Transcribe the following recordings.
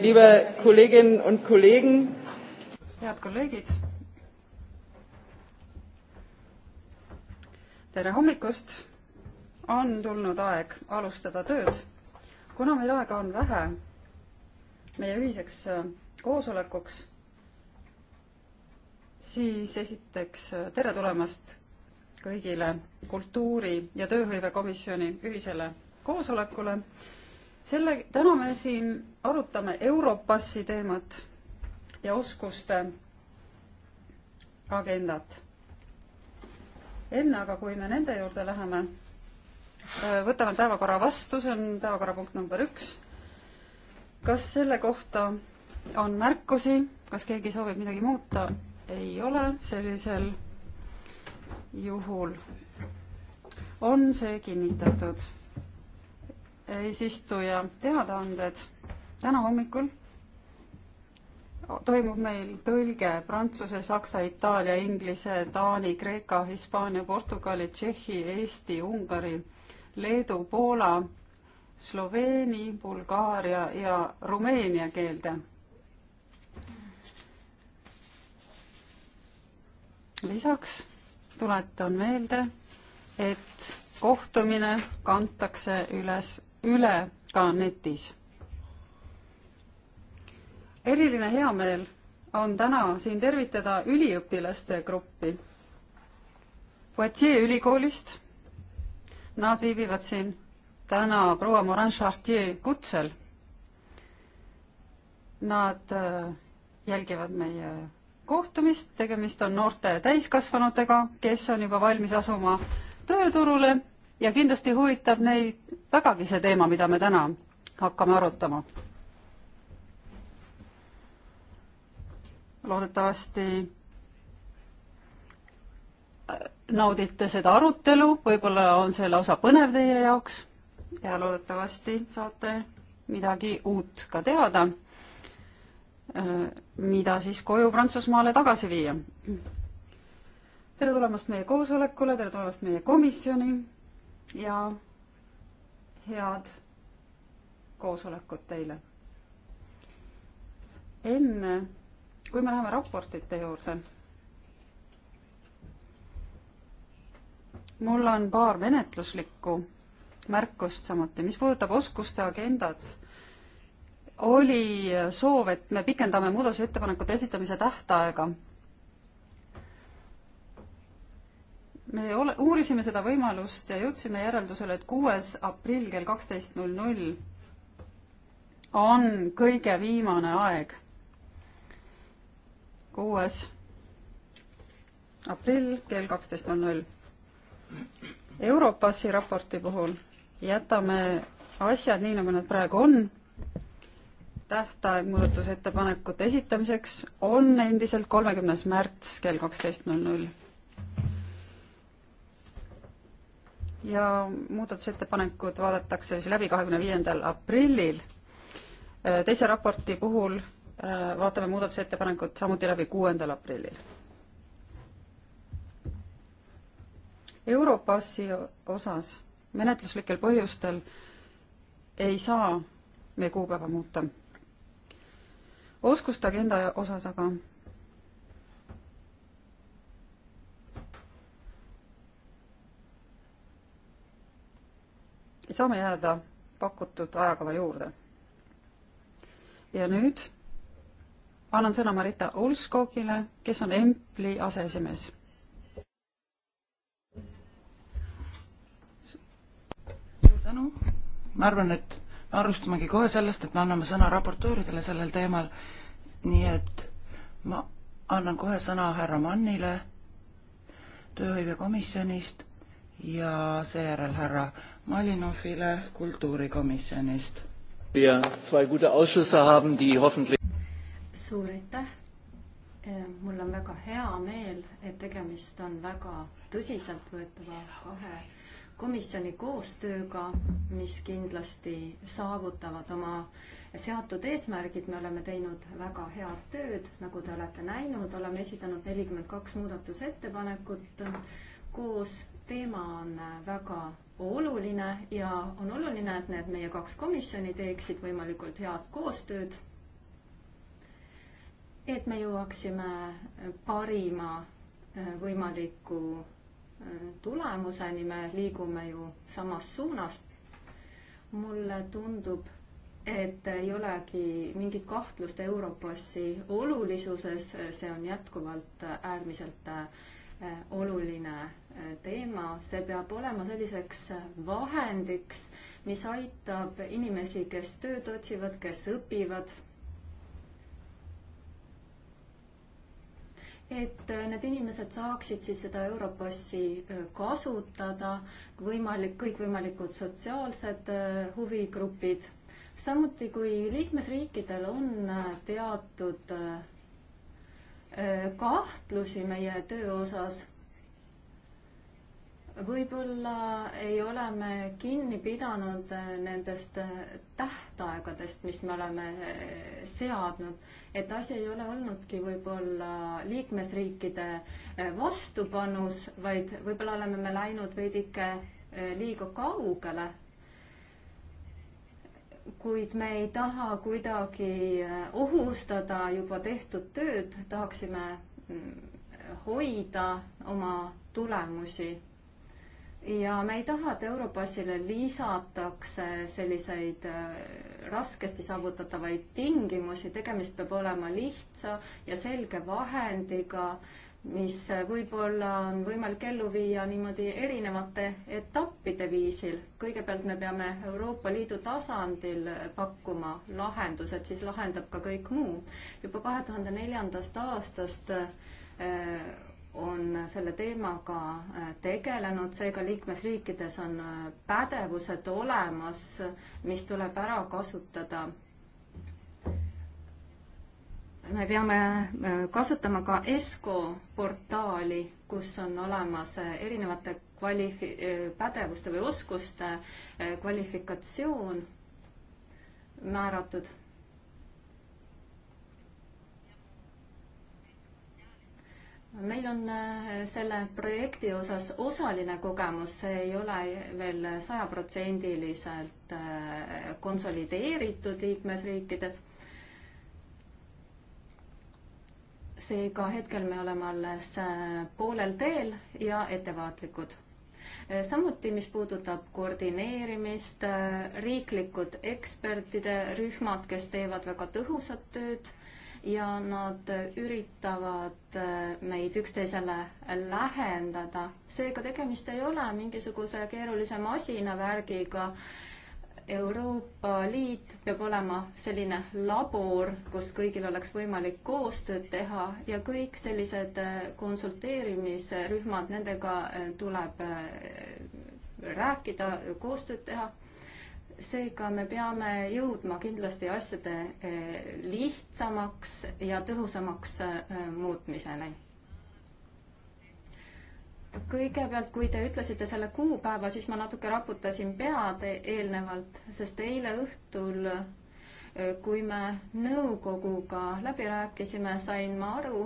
Liebe Kolleginnen und Kollegen, head kolleegid. tere hommikust. on tulnud aeg alustada tööd. kuna meil aega on vähe meie ühiseks äh, koosolekuks, siis esiteks äh, tere tulemast kõigile kultuuri- ja tööhõivekomisjoni ühisele koosolekule selle, täna me siin arutame Europassi teemat ja oskuste agendat. enne aga, kui me nende juurde läheme, äh, võtame päevakorra vastu, see on päevakorrapunkt number üks. kas selle kohta on märkusi, kas keegi soovib midagi muuta? ei ole, sellisel juhul on see kinnitatud eesistuja teadaanded. täna hommikul toimub meil tõlge prantsuse, saksa, itaalia, inglise, taani, kreeka, hispaania, portugali, tšehhi, eesti, ungari, leedu, poola, sloveeni, bulgaaria ja rumeenia keelde. lisaks tuletan meelde, et kohtumine kantakse üles üle ka netis. eriline heameel on täna siin tervitada üliõpilaste gruppi Poitier ülikoolist. Nad viibivad siin täna proua Morin Chartier kutsel. Nad äh, jälgivad meie kohtumist, tegemist on noorte täiskasvanutega, kes on juba valmis asuma tööturule ja kindlasti huvitab neid vägagi see teema, mida me täna hakkame arutama. loodetavasti äh, naudite seda arutelu, võib-olla on see lausa põnev teie jaoks ja loodetavasti saate midagi uut ka teada, äh, mida siis koju Prantsusmaale tagasi viia. tere tulemast meie koosolekule, tere tulemast meie komisjoni ja head koosolekut teile. enne, kui me läheme raportite juurde, mul on paar menetluslikku märkust samuti, mis puudutab oskuste agendat, oli soov, et me pikendame muudatusettepanekute esitamise tähtaega me ole, uurisime seda võimalust ja jõudsime järeldusele, et kuues aprill kell kaksteist null null on kõige viimane aeg. kuues aprill kell kaksteist null null. Europassi raporti puhul jätame asjad nii, nagu nad praegu on. tähtaeg muudatusettepanekute esitamiseks on endiselt kolmekümnes märts kell kaksteist null null ja muudatusettepanekud vaadatakse siis läbi kahekümne viiendal aprillil. Äh, teise raporti puhul äh, vaatame muudatusettepanekud samuti läbi kuuendal aprillil. Europassi osas menetluslikel põhjustel ei saa me kuupäeva muuta. oskuste agenda osas aga saame jääda pakutud ajakava juurde. ja nüüd annan sõna Marita Ulskogile, kes on Empli aseesimees. suur tänu, ma arvan, et alustamegi kohe sellest, et me anname sõna raportööridele sellel teemal, nii et ma annan kohe sõna härra Mannile tööhõivekomisjonist ja seejärel härra Malinovile kultuurikomisjonist. suur aitäh. Äh, mul on väga hea meel, et tegemist on väga tõsiseltvõetava kahe komisjoni koostööga, mis kindlasti saavutavad oma seatud eesmärgid, me oleme teinud väga head tööd, nagu te olete näinud, oleme esitanud nelikümmend kaks muudatusettepanekut koos teema on äh, väga oluline ja on oluline, et need meie kaks komisjoni teeksid võimalikult head koostööd. et me jõuaksime äh, parima äh, võimaliku tulemuseni, me liigume ju samas suunas. mulle tundub, et ei olegi mingit kahtlust Europassi olulisuses, see on jätkuvalt äärmiselt oluline teema, see peab olema selliseks vahendiks, mis aitab inimesi, kes tööd otsivad, kes õpivad. et need inimesed saaksid siis seda Europassi äh, kasutada, võimalik, kõikvõimalikud sotsiaalsed äh, huvigrupid, samuti kui liikmesriikidel on äh, teatud kahtlusi meie töö osas võib-olla ei ole me kinni pidanud äh, nendest äh, tähtaegadest, mis me oleme äh, seadnud, et asi ei ole olnudki võib-olla liikmesriikide vastupanus, vaid võib-olla oleme me läinud veidike liiga kaugele. kuid me ei taha kuidagi ohustada juba tehtud tööd, tahaksime mm, hoida oma tulemusi ja me ei taha, et Europassile lisatakse selliseid äh, raskesti saavutatavaid tingimusi, tegemist peab olema lihtsa ja selge vahendiga, mis äh, võib-olla on võimalik ellu viia niimoodi erinevate etappide viisil. kõigepealt me peame Euroopa Liidu tasandil äh, pakkuma lahendused, siis lahendab ka kõik muu. juba kahe tuhande neljandast aastast on selle teemaga äh, tegelenud, seega liikmesriikides on äh, pädevused olemas, mis tuleb ära kasutada. me peame äh, kasutama ka ESCO portaali, kus on olemas erinevate kvalifi-, pädevuste või oskuste kvalifikatsioon määratud meil on äh, selle projekti osas osaline kogemus, see ei ole veel sajaprotsendiliselt äh, konsolideeritud liikmesriikides. seega hetkel me oleme alles äh, poolel teel ja ettevaatlikud samuti, mis puudutab koordineerimist, riiklikud ekspertide rühmad, kes teevad väga tõhusat tööd ja nad üritavad äh, meid üksteisele lähendada. seega tegemist ei ole mingisuguse keerulise masinavärgiga. Euroopa Liit peab olema selline labor, kus kõigil oleks võimalik koostööd teha ja kõik sellised äh, konsulteerimisrühmad, nendega äh, tuleb rääkida, koostööd teha seega me peame jõudma kindlasti asjade eh, lihtsamaks ja tõhusamaks eh, muutmisele. kõigepealt, kui te ütlesite selle kuupäeva, siis ma natuke raputasin pead eelnevalt, sest eile õhtul, eh, kui me nõukoguga läbi rääkisime, sain ma aru,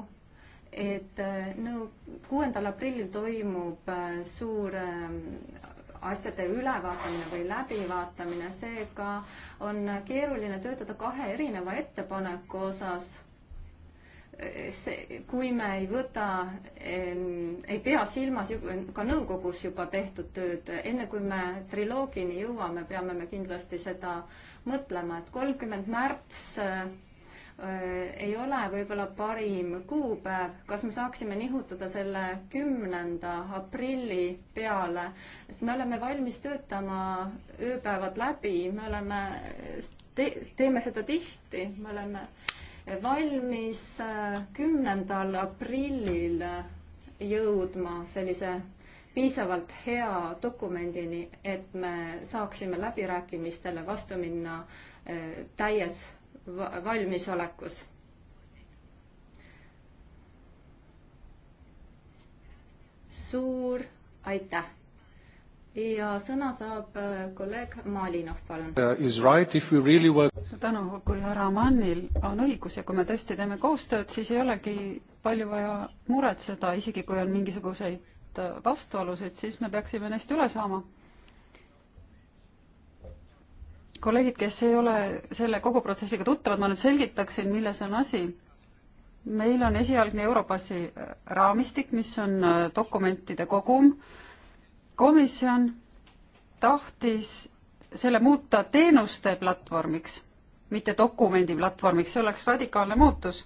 et nõu-, kuuendal aprillil toimub suur asjade ülevaatamine või läbivaatamine, seega on keeruline töötada kahe erineva ettepaneku osas see, kui me ei võta, ei pea silmas ka nõukogus juba tehtud tööd, enne kui me triloogini jõuame, peame me kindlasti seda mõtlema, et kolmkümmend märts Äh, ei ole võib-olla parim kuupäev, kas me saaksime nihutada selle kümnenda aprilli peale, sest me oleme valmis töötama ööpäevad läbi, me oleme te,, teeme seda tihti, me oleme valmis äh, kümnendal aprillil äh, jõudma sellise piisavalt hea dokumendini, et me saaksime läbirääkimistele vastu minna täies valmisolekus. suur aitäh! ja sõna saab äh, kolleeg Malinov, palun. Uh, suur tänu, kui härra Mannil on õigus ja kui me tõesti teeme koostööd, siis ei olegi palju vaja muretseda, isegi kui on mingisuguseid äh, vastuolusid, siis me peaksime neist üle saama kolleegid, kes ei ole selle kogu protsessiga tuttavad, ma nüüd selgitaksin, milles on asi. meil on esialgne Europassi äh, raamistik, mis on äh, dokumentide kogum. komisjon tahtis selle muuta teenuste platvormiks, mitte dokumendi platvormiks, see oleks radikaalne muutus.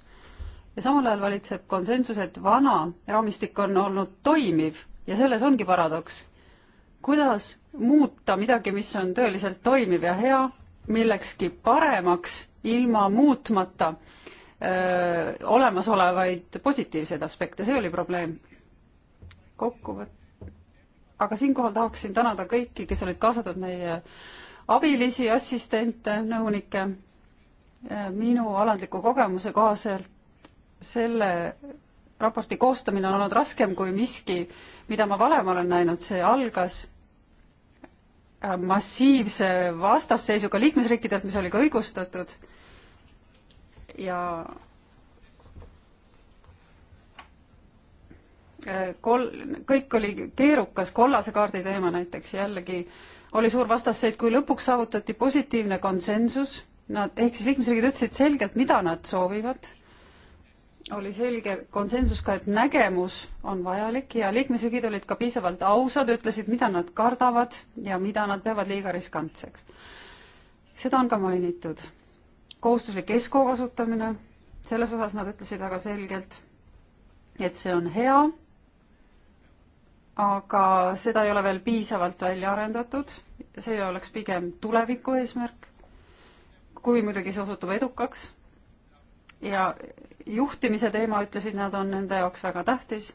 ja samal ajal valitseb konsensus, et vana raamistik on olnud toimiv ja selles ongi paradoks kuidas muuta midagi, mis on tõeliselt toimiv ja hea, millekski paremaks, ilma muutmata öö, olemasolevaid positiivseid aspekte, see oli probleem. kokkuvõtt-, aga siinkohal tahaksin tänada kõiki, kes olid kaasatud, meie abilisi, assistente, nõunikke, minu alandliku kogemuse kohaselt selle raporti koostamine on olnud raskem kui miski, mida ma varem olen näinud, see algas massiivse vastasseisuga liikmesriikidelt, mis oli ka õigustatud ja äh, kol-, kõik oli keerukas, kollase kaardi teema näiteks jällegi oli suur vastasseid, kui lõpuks saavutati positiivne konsensus, nad, ehk siis liikmesriigid ütlesid selgelt, mida nad soovivad oli selge konsensus ka, et nägemus on vajalik ja liikmesriigid olid ka piisavalt ausad, ütlesid, mida nad kardavad ja mida nad peavad liiga riskantseks. seda on ka mainitud. kohustuslik ESCO kasutamine, selles osas nad ütlesid väga selgelt, et see on hea, aga seda ei ole veel piisavalt välja arendatud, see oleks pigem tuleviku eesmärk, kui muidugi see osutub edukaks ja juhtimise teema, ütlesid nad, on nende jaoks väga tähtis,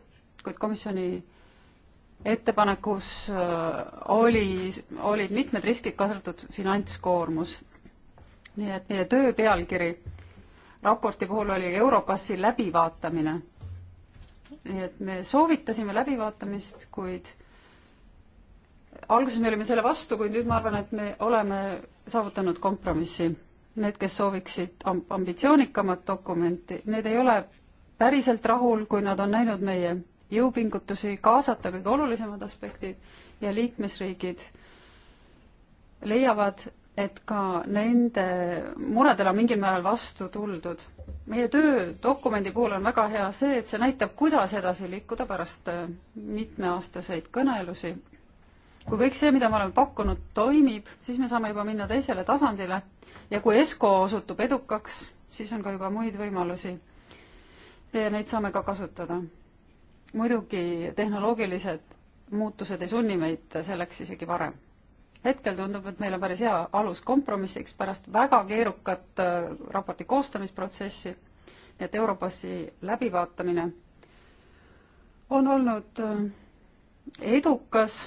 kuid komisjoni ettepanekus äh, oli, olid mitmed riskid, kaasa arvatud finantskoormus. nii et meie töö pealkiri raporti puhul oli Europassi läbivaatamine. nii et me soovitasime läbivaatamist, kuid alguses me olime selle vastu, kuid nüüd ma arvan, et me oleme saavutanud kompromissi need, kes sooviksid ambitsioonikamat dokumenti, need ei ole päriselt rahul, kui nad on näinud meie jõupingutusi kaasata kõige olulisemad aspektid ja liikmesriigid leiavad, et ka nende muredele on mingil määral vastu tuldud. meie töödokumendi puhul on väga hea see, et see näitab, kuidas edasi liikuda pärast äh, mitmeaastaseid kõnelusi. kui kõik see, mida me oleme pakkunud, toimib, siis me saame juba minna teisele tasandile ja kui ESCO osutub edukaks, siis on ka juba muid võimalusi. ja neid saame ka kasutada. muidugi tehnoloogilised muutused ei sunni meid selleks isegi varem. hetkel tundub, et meil on päris hea alus kompromissiks pärast väga keerukat äh, raporti koostamisprotsessi, nii et Europassi läbivaatamine on olnud äh, edukas,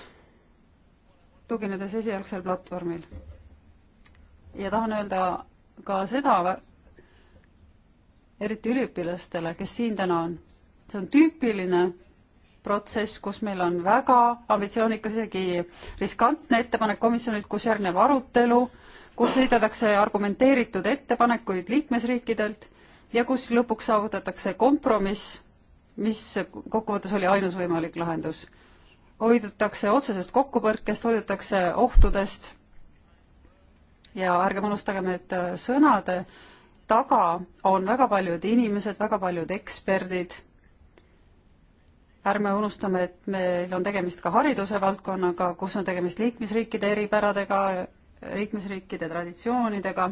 tuginedes esialgsel platvormil ja tahan öelda ka seda, eriti üliõpilastele, kes siin täna on, see on tüüpiline protsess, kus meil on väga ambitsioonikas, isegi riskantne ettepanek komisjonilt, kus järgneb arutelu, kus esitatakse argumenteeritud ettepanekuid liikmesriikidelt ja kus lõpuks saavutatakse kompromiss, mis kokkuvõttes oli ainus võimalik lahendus. hoidutakse otsesest kokkupõrkest, hoidutakse ohtudest ja ärgem unustagem, et äh, sõnade taga on väga paljud inimesed, väga paljud eksperdid. ärme unustame, et meil on tegemist ka hariduse valdkonnaga, kus on tegemist liikmesriikide eripäradega, liikmesriikide traditsioonidega,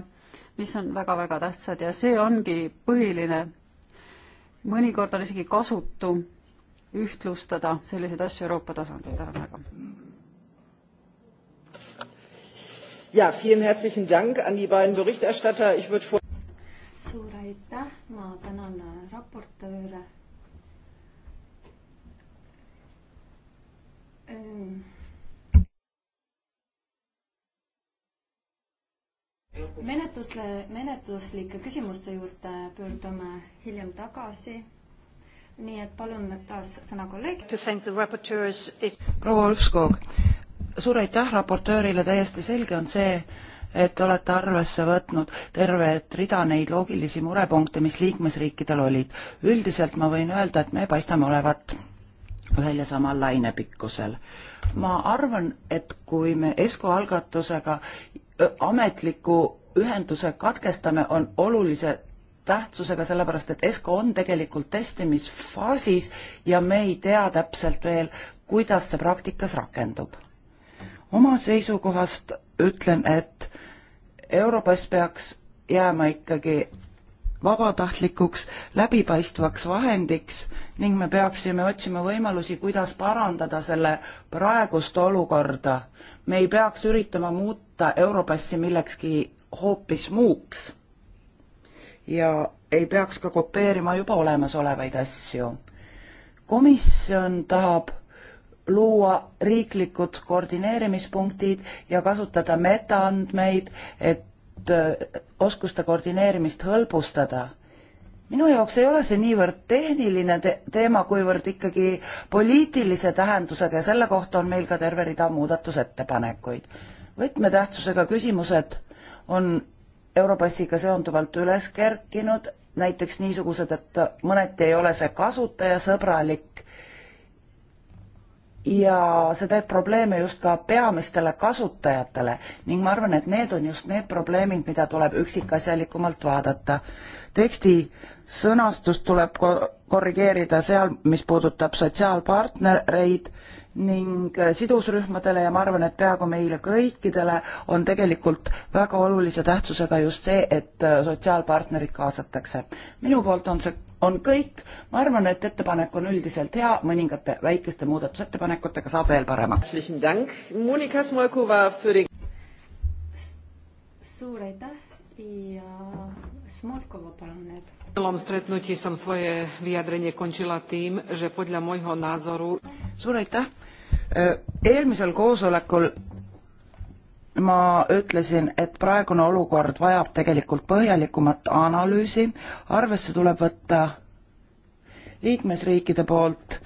mis on väga-väga tähtsad ja see ongi põhiline. mõnikord on isegi kasutu ühtlustada selliseid asju Euroopa tasandil, tänan väga. ja, vielen herzlichen Dank an die beiden Berichterstatter. Ich würde vor suur aitäh, ma tänan äh, raportööre. Ähm. menetlusle, menetluslike küsimuste juurde pöördume hiljem tagasi. nii et palun taas sõna kolleeg. proua Ulfskog suur aitäh raportöörile, täiesti selge on see, et olete arvesse võtnud tervet rida neid loogilisi murepunkte, mis liikmesriikidel olid. üldiselt ma võin öelda, et me paistame olevat ühel ja samal lainepikkusel. ma arvan, et kui me ESCO algatusega ametliku ühenduse katkestame, on olulise tähtsusega, sellepärast et ESCO on tegelikult testimisfaasis ja me ei tea täpselt veel, kuidas see praktikas rakendub oma seisukohast ütlen, et Europass peaks jääma ikkagi vabatahtlikuks läbipaistvaks vahendiks ning me peaksime otsima võimalusi, kuidas parandada selle praegust olukorda. me ei peaks üritama muuta Europassi millekski hoopis muuks. ja ei peaks ka kopeerima juba olemasolevaid asju. komisjon tahab luua riiklikud koordineerimispunktid ja kasutada metaandmeid, et äh, oskuste koordineerimist hõlbustada. minu jaoks ei ole see niivõrd tehniline te teema, kuivõrd ikkagi poliitilise tähendusega ja selle kohta on meil ka terve rida muudatusettepanekuid. võtmetähtsusega küsimused on Europassiga seonduvalt üles kerkinud, näiteks niisugused, et mõneti ei ole see kasutajasõbralik ja see teeb probleeme just ka peamistele kasutajatele ning ma arvan, et need on just need probleemid, mida tuleb üksikasjalikumalt vaadata. teksti sõnastust tuleb korrigeerida seal, mis puudutab sotsiaalpartnereid ning sidusrühmadele ja ma arvan, et peaaegu meile kõikidele on tegelikult väga olulise tähtsusega just see, et sotsiaalpartnerid kaasatakse. minu poolt on see on kõik. ma arvan, et ettepanek on üldiselt hea, mõningate väikeste muudatusettepanekutega saab veel paremaks. suur aitäh ja Smolkova, palun nüüd. Celom stretnutí som svoje vyjadrenie končila tým, že podľa môjho názoru... Suur aitäh! Eelmisel koosolekul ma ütlesin, et praegune olukord vajab tegelikult põhjalikumat analüüsi, arvesse tuleb võtta liikmesriikide poolt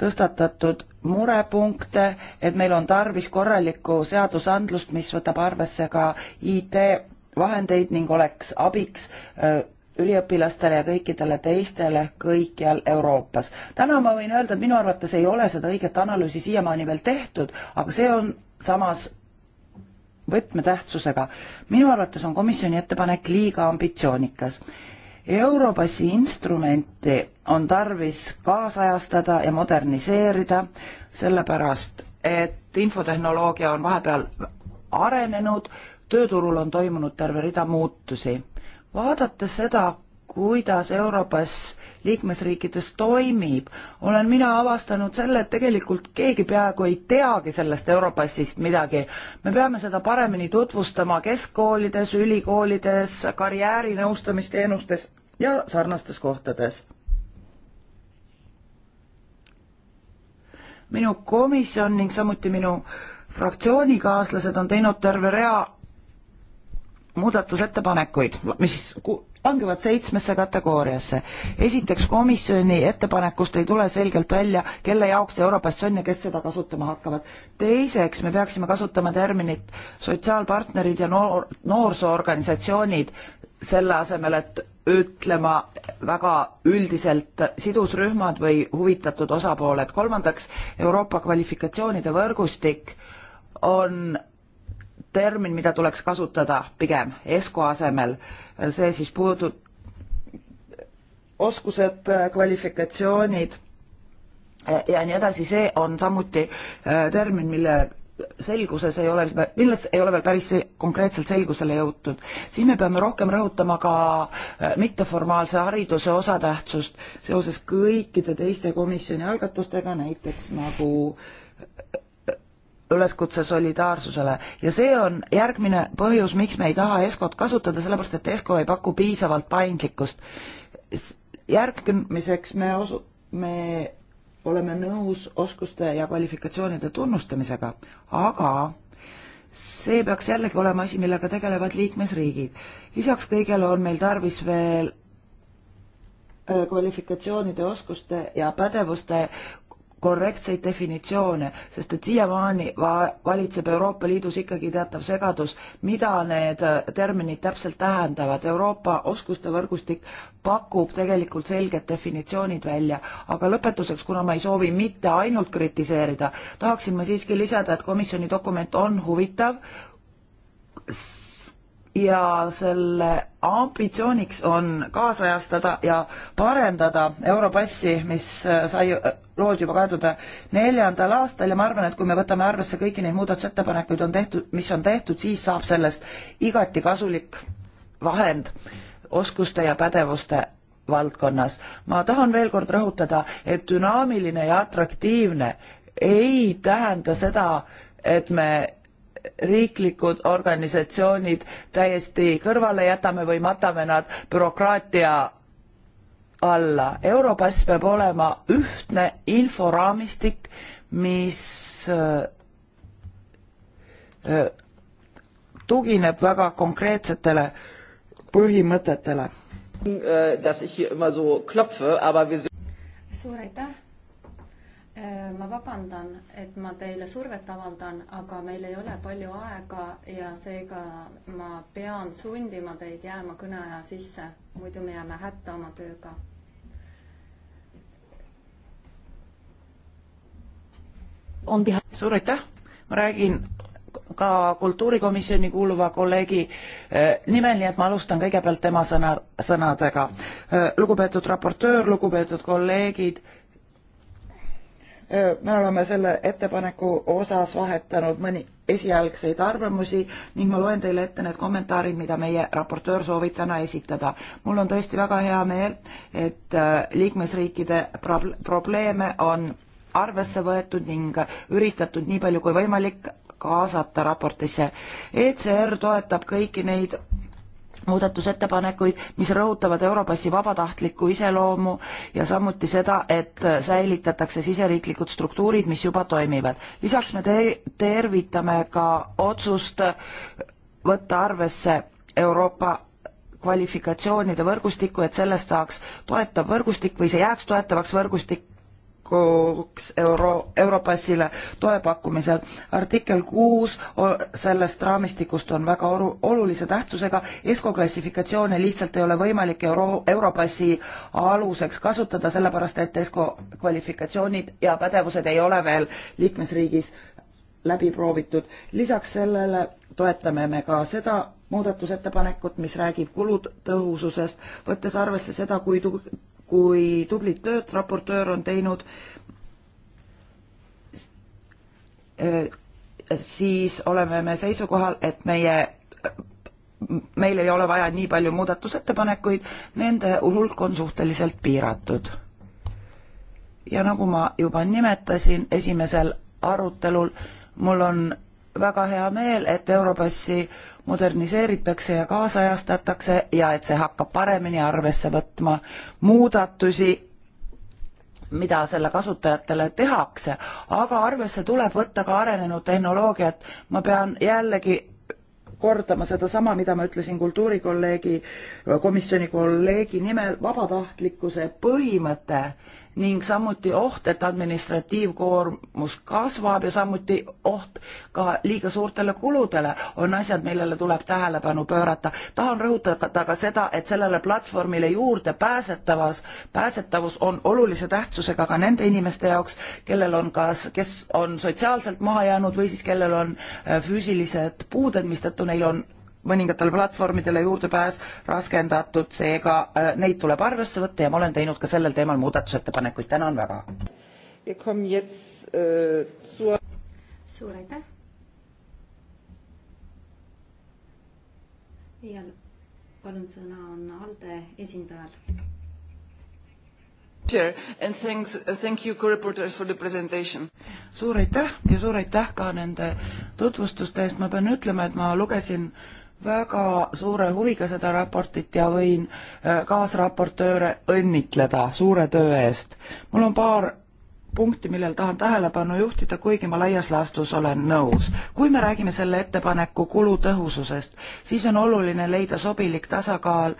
tõstatatud murepunkte, et meil on tarvis korralikku seadusandlust, mis võtab arvesse ka IT-vahendeid ning oleks abiks äh, üliõpilastele ja kõikidele teistele kõikjal Euroopas. täna ma võin öelda, et minu arvates ei ole seda õiget analüüsi siiamaani veel tehtud, aga see on samas võtmetähtsusega. minu arvates on komisjoni ettepanek liiga ambitsioonikas. Europassi instrumenti on tarvis kaasajastada ja moderniseerida, sellepärast et infotehnoloogia on vahepeal arenenud, tööturul on toimunud terve rida muutusi. vaadates seda, kuidas Euroopas liikmesriikides toimib, olen mina avastanud selle, et tegelikult keegi peaaegu ei teagi sellest Europassist midagi. me peame seda paremini tutvustama keskkoolides, ülikoolides, karjäärinõustamisteenustes ja sarnastes kohtades. minu komisjon ning samuti minu fraktsioonikaaslased on teinud terve rea muudatusettepanekuid, mis ku, langevad seitsmesse kategooriasse. esiteks, komisjoni ettepanekust ei tule selgelt välja, kelle jaoks Euroopast on ja kes seda kasutama hakkavad. teiseks, me peaksime kasutama terminit sotsiaalpartnerid ja noor, noorsoorganisatsioonid, selle asemel, et ütlema väga üldiselt sidusrühmad või huvitatud osapooled. kolmandaks, Euroopa kvalifikatsioonide võrgustik on termin, mida tuleks kasutada pigem ESCO asemel, see siis puudu-, oskused, kvalifikatsioonid ja nii edasi, see on samuti äh, termin, mille selguses ei ole, milles ei ole veel päris konkreetselt selgusele jõutud. siin me peame rohkem rõhutama ka äh, mitteformaalse hariduse osatähtsust seoses kõikide teiste komisjoni algatustega, näiteks nagu äh, üleskutse solidaarsusele ja see on järgmine põhjus, miks me ei taha ESCO-t kasutada, sellepärast et ESCO ei paku piisavalt paindlikkust. järgmiseks me osu-, me oleme nõus oskuste ja kvalifikatsioonide tunnustamisega, aga see peaks jällegi olema asi, millega tegelevad liikmesriigid. lisaks kõigele on meil tarvis veel äh, kvalifikatsioonide, oskuste ja pädevuste korrektseid definitsioone, sest et siiamaani va-, valitseb Euroopa Liidus ikkagi teatav segadus, mida need äh, terminid täpselt tähendavad. Euroopa oskuste võrgustik pakub tegelikult selged definitsioonid välja, aga lõpetuseks, kuna ma ei soovi mitte ainult kritiseerida, tahaksin ma siiski lisada, et komisjoni dokument on huvitav, ja selle ambitsiooniks on kaasajastada ja parendada Europassi, mis äh, sai lood juba kahe tuhande neljandal aastal ja ma arvan, et kui me võtame arvesse kõiki neid muudatusettepanekuid on tehtud, mis on tehtud, siis saab sellest igati kasulik vahend oskuste ja pädevuste valdkonnas. ma tahan veel kord rõhutada, et dünaamiline ja atraktiivne ei tähenda seda, et me riiklikud organisatsioonid täiesti kõrvale jätame või matame nad bürokraatia alla. Europass peab olema ühtne inforaamistik, mis äh, äh, tugineb väga konkreetsetele põhimõtetele. Äh, suur aitäh. ma vabandan, et ma teile survet avaldan, aga meil ei ole palju aega ja seega ma pean sundima teid jääma kõneaja sisse, muidu me jääme hätta oma tööga suur aitäh, ma räägin ka kultuurikomisjoni kuuluva kolleegi eh, nimel, nii et ma alustan kõigepealt tema sõna, sõnadega eh,. lugupeetud raportöör, lugupeetud kolleegid eh,, me oleme selle ettepaneku osas vahetanud mõni esialgseid arvamusi ning ma loen teile ette need kommentaarid, mida meie raportöör soovib täna esitada. mul on tõesti väga hea meel, et liikmesriikide probleeme on arvesse võetud ning üritatud nii palju kui võimalik kaasata raportisse. ECR toetab kõiki neid muudatusettepanekuid, mis rõhutavad Europassi vabatahtlikku iseloomu ja samuti seda, et säilitatakse siseriiklikud struktuurid, mis juba toimivad. lisaks me te tervitame ka otsust võtta arvesse Euroopa kvalifikatsioonide võrgustikku, et sellest saaks toetav võrgustik või see jääks toetavaks võrgustik, tulevikuks Euro-, Europassile toe pakkumisel. artikkel kuus sellest raamistikust on väga oru-, olulise tähtsusega, ESCO klassifikatsioone lihtsalt ei ole võimalik Euro-, Europassi aluseks kasutada, sellepärast et ESCO kvalifikatsioonid ja pädevused ei ole veel liikmesriigis läbi proovitud. lisaks sellele toetame me ka seda muudatusettepanekut, mis räägib kulutõhususest, võttes arvesse seda, kui kui tublit tööd raportöör on teinud, eh, siis oleme me seisukohal, et meie meil ei ole vaja nii palju muudatusettepanekuid, nende hulk on suhteliselt piiratud. ja nagu ma juba nimetasin, esimesel arutelul mul on väga hea meel, et Europassi moderniseeritakse ja kaasajastatakse ja et see hakkab paremini arvesse võtma muudatusi, mida selle kasutajatele tehakse, aga arvesse tuleb võtta ka arenenud tehnoloogiat. ma pean jällegi kordama sedasama, mida ma ütlesin kultuurikolleegi, komisjoni kolleegi nimel, vabatahtlikkuse põhimõte ning samuti oht, et administratiivkoormus kasvab ja samuti oht ka liiga suurtele kuludele on asjad, millele tuleb tähelepanu pöörata. tahan rõhutada ka seda, et sellele platvormile juurde pääsetavas, pääsetavus on olulise tähtsusega ka nende inimeste jaoks, kellel on kas, kes on sotsiaalselt maha jäänud või siis kellel on äh, füüsilised puuded, mistõttu neil on mõningatel platvormidele juurdepääs raskendatud, seega äh, neid tuleb arvesse võtta ja ma olen teinud ka sellel teemal muudatusettepanekuid, tänan väga. Äh, suur aitäh. ja palun, sõna on ALDE esindajal. Chair and thanks, thank you co-reporters for the presentation. suur aitäh ja suur aitäh ka nende tutvustuste eest, ma pean ütlema, et ma lugesin äh, väga suure huviga seda raportit ja võin äh, kaasraportööre õnnitleda suure töö eest. mul on paar punkti, millel tahan tähelepanu juhtida, kuigi ma laias laastus olen nõus. kui me räägime selle ettepaneku kulutõhususest, siis on oluline leida sobilik tasakaal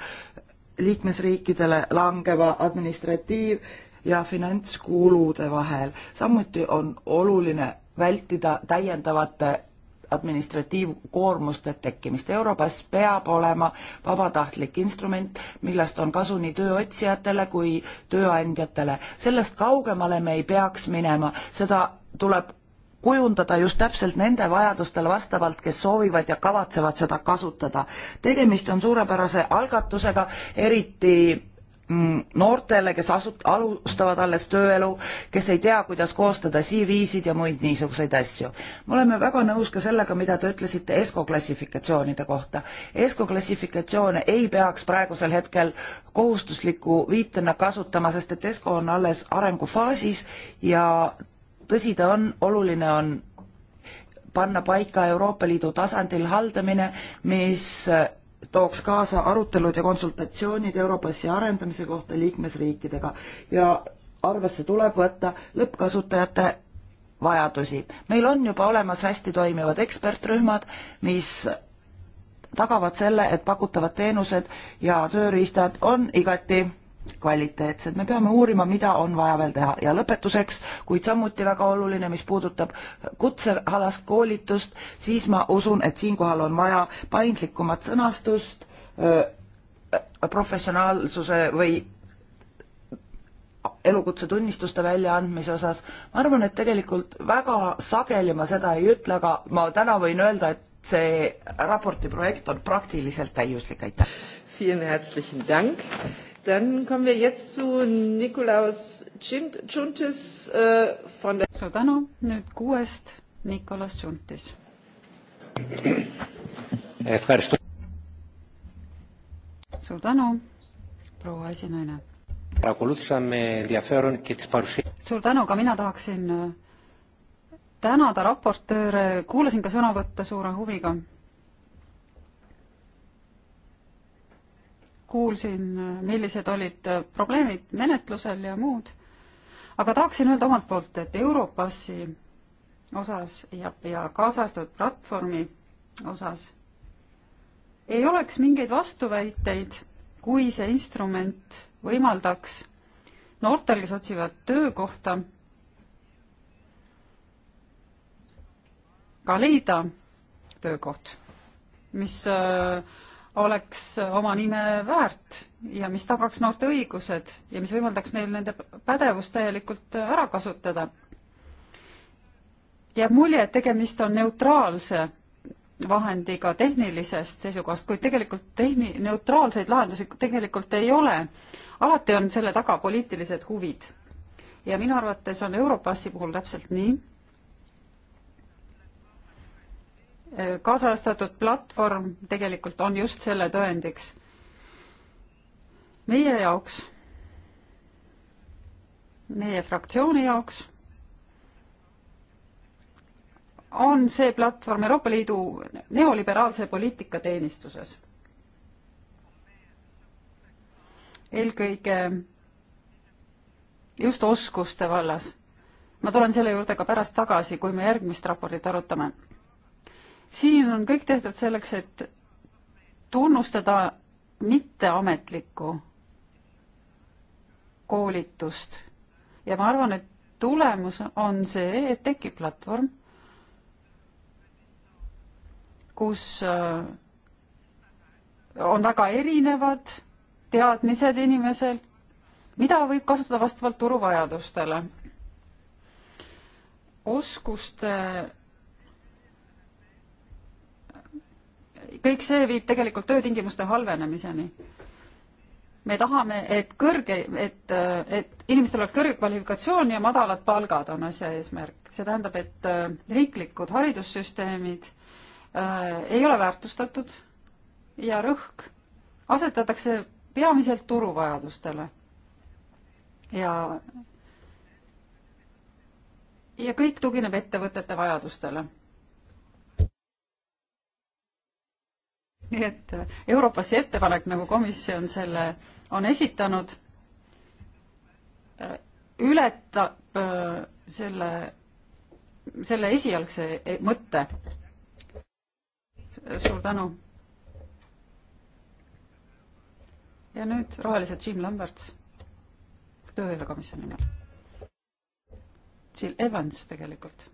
liikmesriikidele langeva administratiiv- ja finantskulude vahel. samuti on oluline vältida täiendavate administratiivkoormuste tekkimist. Europass peab olema vabatahtlik instrument, millest on kasu nii tööotsijatele kui tööandjatele. sellest kaugemale me ei peaks minema, seda tuleb kujundada just täpselt nende vajadustele vastavalt, kes soovivad ja kavatsevad seda kasutada. tegemist on suurepärase algatusega, eriti Mm, noortele, kes asut-, alustavad alles tööelu, kes ei tea, kuidas koostada CV-sid ja muid niisuguseid asju. me oleme väga nõus ka sellega, mida te ütlesite ESCO klassifikatsioonide kohta. ESCO klassifikatsioone ei peaks praegusel hetkel kohustusliku viitena kasutama, sest et ESCO on alles arengufaasis ja tõsi ta on, oluline on panna paika Euroopa Liidu tasandil haldamine, mis tooks kaasa arutelud ja konsultatsioonid Europassi arendamise kohta liikmesriikidega ja arvesse tuleb võtta lõppkasutajate vajadusi. meil on juba olemas hästi toimivad ekspertrühmad, mis tagavad selle, et pakutavad teenused ja tööriistad on igati kvaliteetsed, me peame uurima, mida on vaja veel teha ja lõpetuseks, kuid samuti väga oluline, mis puudutab kutsealast koolitust, siis ma usun, et siinkohal on vaja paindlikumat sõnastust, äh, professionaalsuse või elukutsetunnistuste väljaandmise osas, ma arvan, et tegelikult väga sageli ma seda ei ütle, aga ma täna võin öelda, et see raporti projekt on praktiliselt täiuslik, aitäh! Vielen herzlichen Dank. Dann kommen wir jetzt zu Nikolaus Tschuntis äh, von der... Suur tänu, nüüd kuuest Nikolaus Tšuntis. suur tänu, proua esinaine. suur tänu, ka mina tahaksin äh, tänada raportööre, kuulasin ka sõnavõtte suure huviga kuulsin, millised olid probleemid menetlusel ja muud, aga tahaksin öelda omalt poolt, et Europassi osas ja, ja kaasajastatud platvormi osas ei oleks mingeid vastuväiteid, kui see instrument võimaldaks noortel, kes otsivad töökohta, ka leida töökoht, mis äh, oleks oma nime väärt ja mis tagaks noorte õigused ja mis võimaldaks neil nende pädevust täielikult ära kasutada. jääb mulje, et tegemist on neutraalse vahendiga tehnilisest seisukohast, kuid tegelikult tehni-, neutraalseid lahendusi tegelikult ei ole. alati on selle taga poliitilised huvid. ja minu arvates on Europassi puhul täpselt nii kaasajastatud platvorm tegelikult on just selle tõendiks. meie jaoks, meie fraktsiooni jaoks on see platvorm Euroopa Liidu neoliberaalse poliitika teenistuses. eelkõige just oskuste vallas. ma tulen selle juurde ka pärast tagasi, kui me järgmist raportit arutame siin on kõik tehtud selleks, et tunnustada mitteametlikku koolitust ja ma arvan, et tulemus on see, et tekib platvorm, kus äh, on väga erinevad teadmised inimesel, mida võib kasutada vastavalt turuvajadustele. oskuste kõik see viib tegelikult töötingimuste halvenemiseni. me tahame, et kõrge, et, et inimestel oleks kõrge kvalifikatsioon ja madalad palgad on asja eesmärk. see tähendab, et äh, riiklikud haridussüsteemid äh, ei ole väärtustatud ja rõhk asetatakse peamiselt turuvajadustele. ja ja kõik tugineb ettevõtete vajadustele nii et äh, Europassi ettepanek, nagu komisjon selle on esitanud, äh, ületab äh, selle, selle esialgse e, mõtte. suur tänu. ja nüüd rohelised Jim Lamberts tööhõivekomisjoni nimel. Jill Evans tegelikult.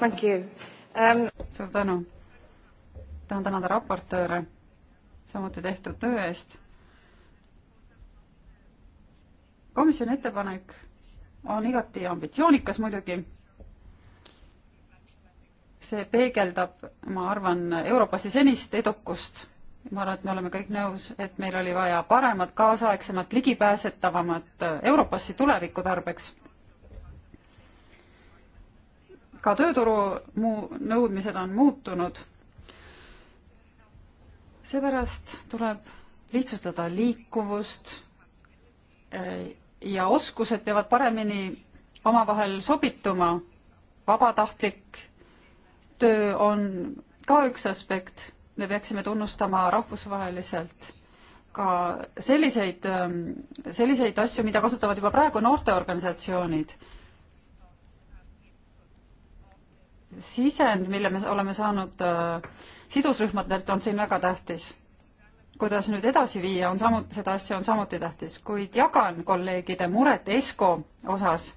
Thank you ähm.... suur tänu. tahan tänada raportööre samuti tehtud töö eest. komisjoni ettepanek on igati ambitsioonikas muidugi. see peegeldab, ma arvan, Euroopasse senist edukust. ma arvan, et me oleme kõik nõus, et meil oli vaja paremat, kaasaegsemat, ligipääsetavamat Euroopasse tuleviku tarbeks ka tööturu muu, nõudmised on muutunud. seepärast tuleb lihtsustada liikuvust eh, ja oskused peavad paremini omavahel sobituma. vabatahtlik töö on ka üks aspekt, me peaksime tunnustama rahvusvaheliselt ka selliseid, ehm, selliseid asju, mida kasutavad juba praegu noorteorganisatsioonid sisend, mille me oleme saanud äh, sidusrühmadelt, on siin väga tähtis. kuidas nüüd edasi viia, on samu-, seda asja on samuti tähtis, kuid jagan kolleegide muret ESCO osas.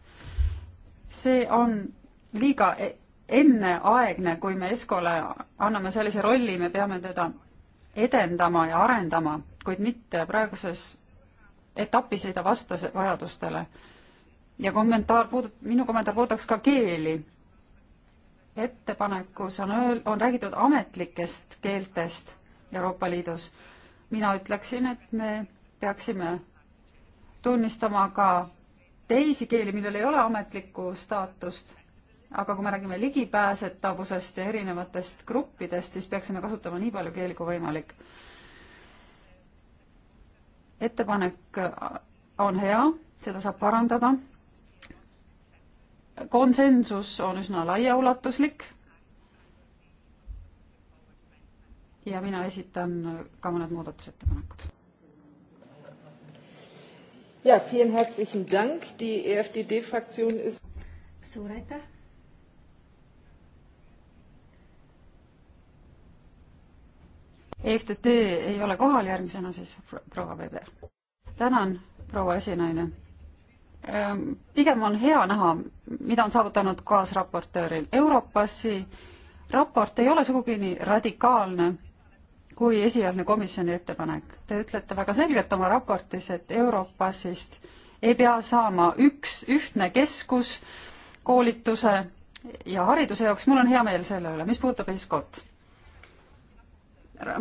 see on liiga e-, enneaegne, kui me ESCO-le anname sellise rolli, me peame teda edendama ja arendama, kuid mitte praeguses etapis ei ta vasta vajadustele. ja kommentaar puudut-, minu kommentaar puudutaks ka keeli ettepanekus on öel-, on räägitud ametlikest keeltest Euroopa Liidus. mina ütleksin, et me peaksime tunnistama ka teisi keeli, millel ei ole ametlikku staatust, aga kui me räägime ligipääsetavusest ja erinevatest gruppidest, siis peaksime kasutama nii palju keeli kui võimalik. ettepanek äh, on hea, seda saab parandada konsensus on üsna laiaulatuslik. ja mina esitan ka mõned muudatusettepanekud. ja, vielen herzlichen Dank, die EFDD fraktsioon ist. suur aitäh. EFTT ei ole kohal järgmisena siis proua Weber. tänan, proua esinaine Ehm, pigem on hea näha, mida on saavutanud kaasraportööril. Europassi raport ei ole sugugi nii radikaalne kui esialgne komisjoni ettepanek. Te ütlete väga selgelt oma raportis, et Europassist ei pea saama üks ühtne keskus koolituse ja hariduse jaoks, mul on hea meel selle üle, mis puudutab ESCO-t.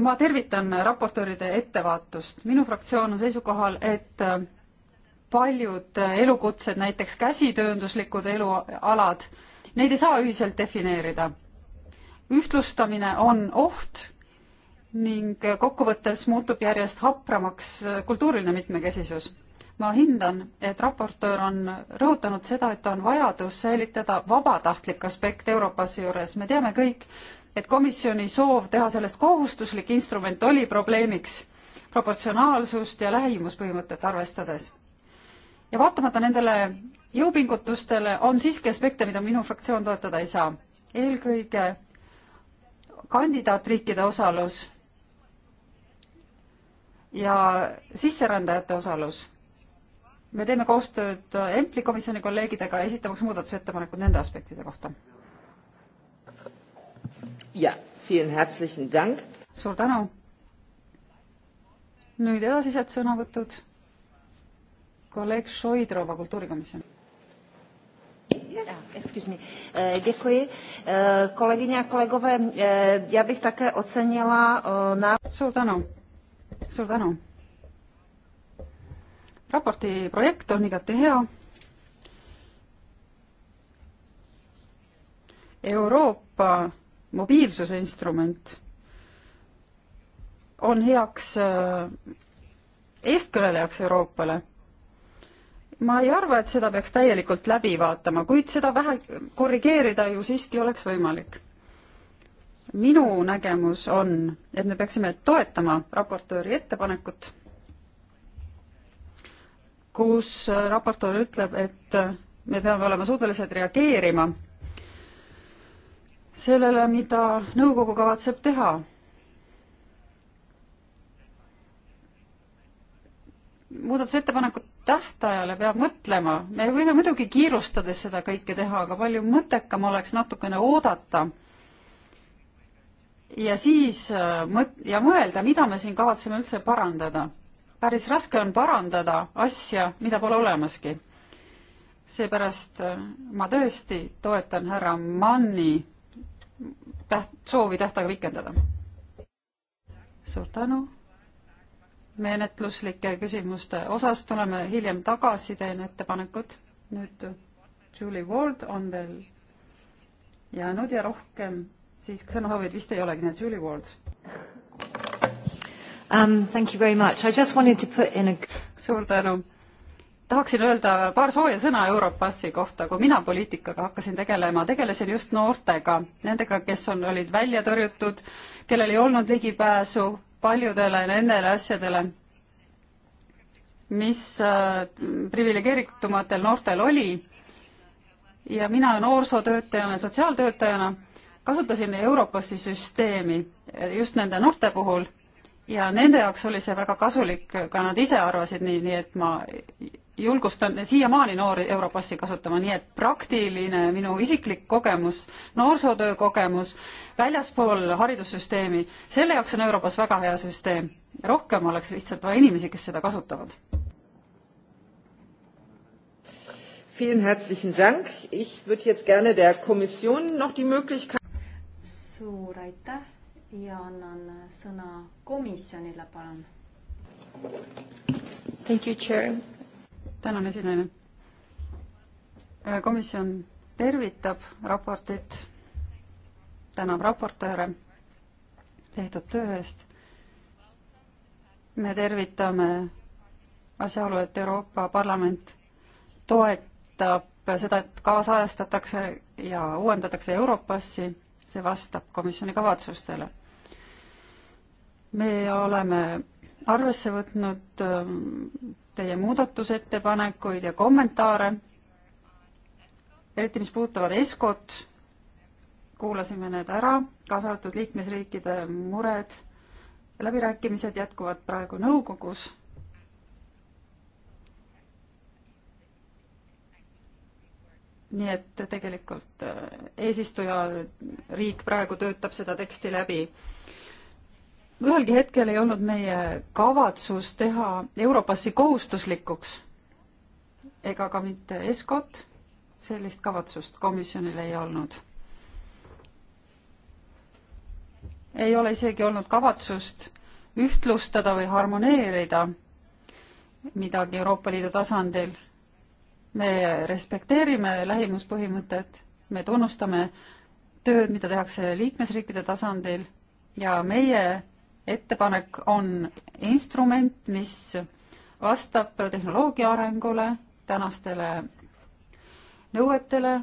ma tervitan raportööride ettevaatust, minu fraktsioon on seisukohal, et paljud elukutsed, näiteks käsitöönduslikud elualad, neid ei saa ühiselt defineerida. ühtlustamine on oht ning kokkuvõttes muutub järjest hapramaks kultuuriline mitmekesisus. ma hindan, et raportöör on rõhutanud seda, et on vajadus säilitada vabatahtlik aspekt Euroopasse juures, me teame kõik, et komisjoni soov teha sellest kohustuslik instrument oli probleemiks proportsionaalsust ja lähimuspõhimõtet arvestades ja vaatamata nendele jõupingutustele on siiski aspekte, mida minu fraktsioon toetada ei saa. eelkõige kandidaatriikide osalus ja sisserändajate osalus. me teeme koostööd EMPLi komisjoni kolleegidega, esitamaks muudatusettepanekud nende aspektide kohta. jah, suur tänu. nüüd edasised sõnavõtud kolleeg Šoidrova, kultuurikomisjon. Excuse me. Eh, děkuji. Eh, kolegyně a kolegové, eh, já bych také ocenila na... Suur tänu. Suur tänu. Raporti projekt on igati hea. Euroopa mobiilsuse instrument on heaks eestkõnelejaks Euroopale ma ei arva, et seda peaks täielikult läbi vaatama, kuid seda vähe korrigeerida ju siiski oleks võimalik. minu nägemus on, et me peaksime toetama raportööri ettepanekut, kus raportöör ütleb, et me peame olema suutelised reageerima sellele, mida nõukogu kavatseb teha muudatusettepanekud tähtajale peab mõtlema, me võime muidugi kiirustades seda kõike teha, aga palju mõttekam oleks natukene oodata. ja siis äh, mõt- ja mõelda, mida me siin kavatseme üldse parandada. päris raske on parandada asja, mida pole olemaski. seepärast äh, ma tõesti toetan härra Manni täht-, soovi tähtaega pikendada. suur tänu menetluslike küsimuste osas, tuleme hiljem tagasi, teen ettepanekud. nüüd Julie Ward on veel jäänud ja rohkem siis sõnavõid vist ei olegi, nii et Julie Ward um,. Thank you very much, I just wanted to put in a suur tänu. tahaksin öelda paar sooja sõna Europassi kohta, kui mina poliitikaga hakkasin tegelema, tegelesin just noortega, nendega, kes on, olid välja tõrjutud, kellel ei olnud ligipääsu paljudele nendele asjadele, mis äh, priviligeeritumatel noortel oli ja mina noorsootöötajana, sotsiaaltöötajana kasutasin Europassi süsteemi just nende noorte puhul ja nende jaoks oli see väga kasulik, ka nad ise arvasid nii, nii et ma julgustan siiamaani noori Europassi kasutama, nii et praktiline minu isiklik kogemus, noorsootöö kogemus väljaspool haridussüsteemi, selle jaoks on Europass väga hea süsteem. rohkem oleks lihtsalt vaja inimesi, kes seda kasutavad. Vielen herzlichen Dank. Ich würde jetzt gerne der Kommission noch die Möglichkeit. Suur aitäh ja annan sõna komisjonile, palun. Thank you, Chair tänan, esinaine. Äh, komisjon tervitab raportit, tänab raportööre tehtud töö eest. me tervitame asjaolu, et Euroopa Parlament toetab seda, et kaasajastatakse ja uuendatakse Europassi, see vastab komisjoni kavatsustele. me oleme arvesse võtnud ähm, teie muudatusettepanekuid ja kommentaare, eriti mis puudutavad ESCO-t, kuulasime need ära, kaasa arvatud liikmesriikide mured, läbirääkimised jätkuvad praegu nõukogus nii et tegelikult äh, eesistuja riik praegu töötab seda teksti läbi ühelgi hetkel ei olnud meie kavatsus teha Europassi kohustuslikuks ega ka mitte ESCO-t, sellist kavatsust komisjonil ei olnud. ei ole isegi olnud kavatsust ühtlustada või harmoneerida midagi Euroopa Liidu tasandil. me respekteerime lähimuspõhimõtet, me tunnustame tööd, mida tehakse liikmesriikide tasandil ja meie ettepanek on instrument, mis vastab tehnoloogia arengule, tänastele nõuetele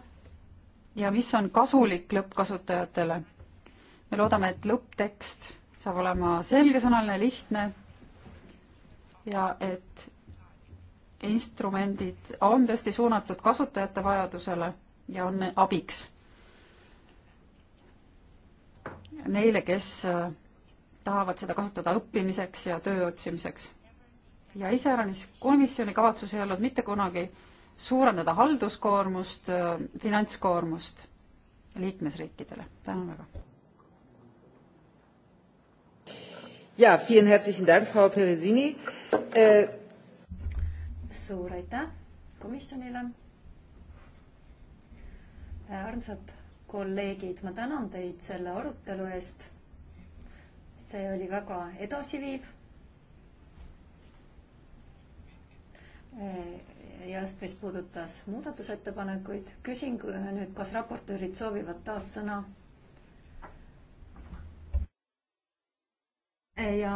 ja mis on kasulik lõppkasutajatele. me loodame, et lõpptekst saab olema selgesõnaline, lihtne ja et instrumendid on tõesti suunatud kasutajate vajadusele ja on abiks neile, kes tahavad seda kasutada õppimiseks ja töö otsimiseks. ja iseäranis komisjoni kavatsus ei olnud mitte kunagi suurendada halduskoormust, äh, finantskoormust liikmesriikidele. tänan väga. ja, vielen herzlichen Dank, Frau Peresini äh.... suur aitäh komisjonile. Äh, armsad kolleegid, ma tänan teid selle arutelu eest see oli väga edasiviiv. just, mis puudutas muudatusettepanekuid, küsin nüüd, kas raportöörid soovivad taas sõna? ja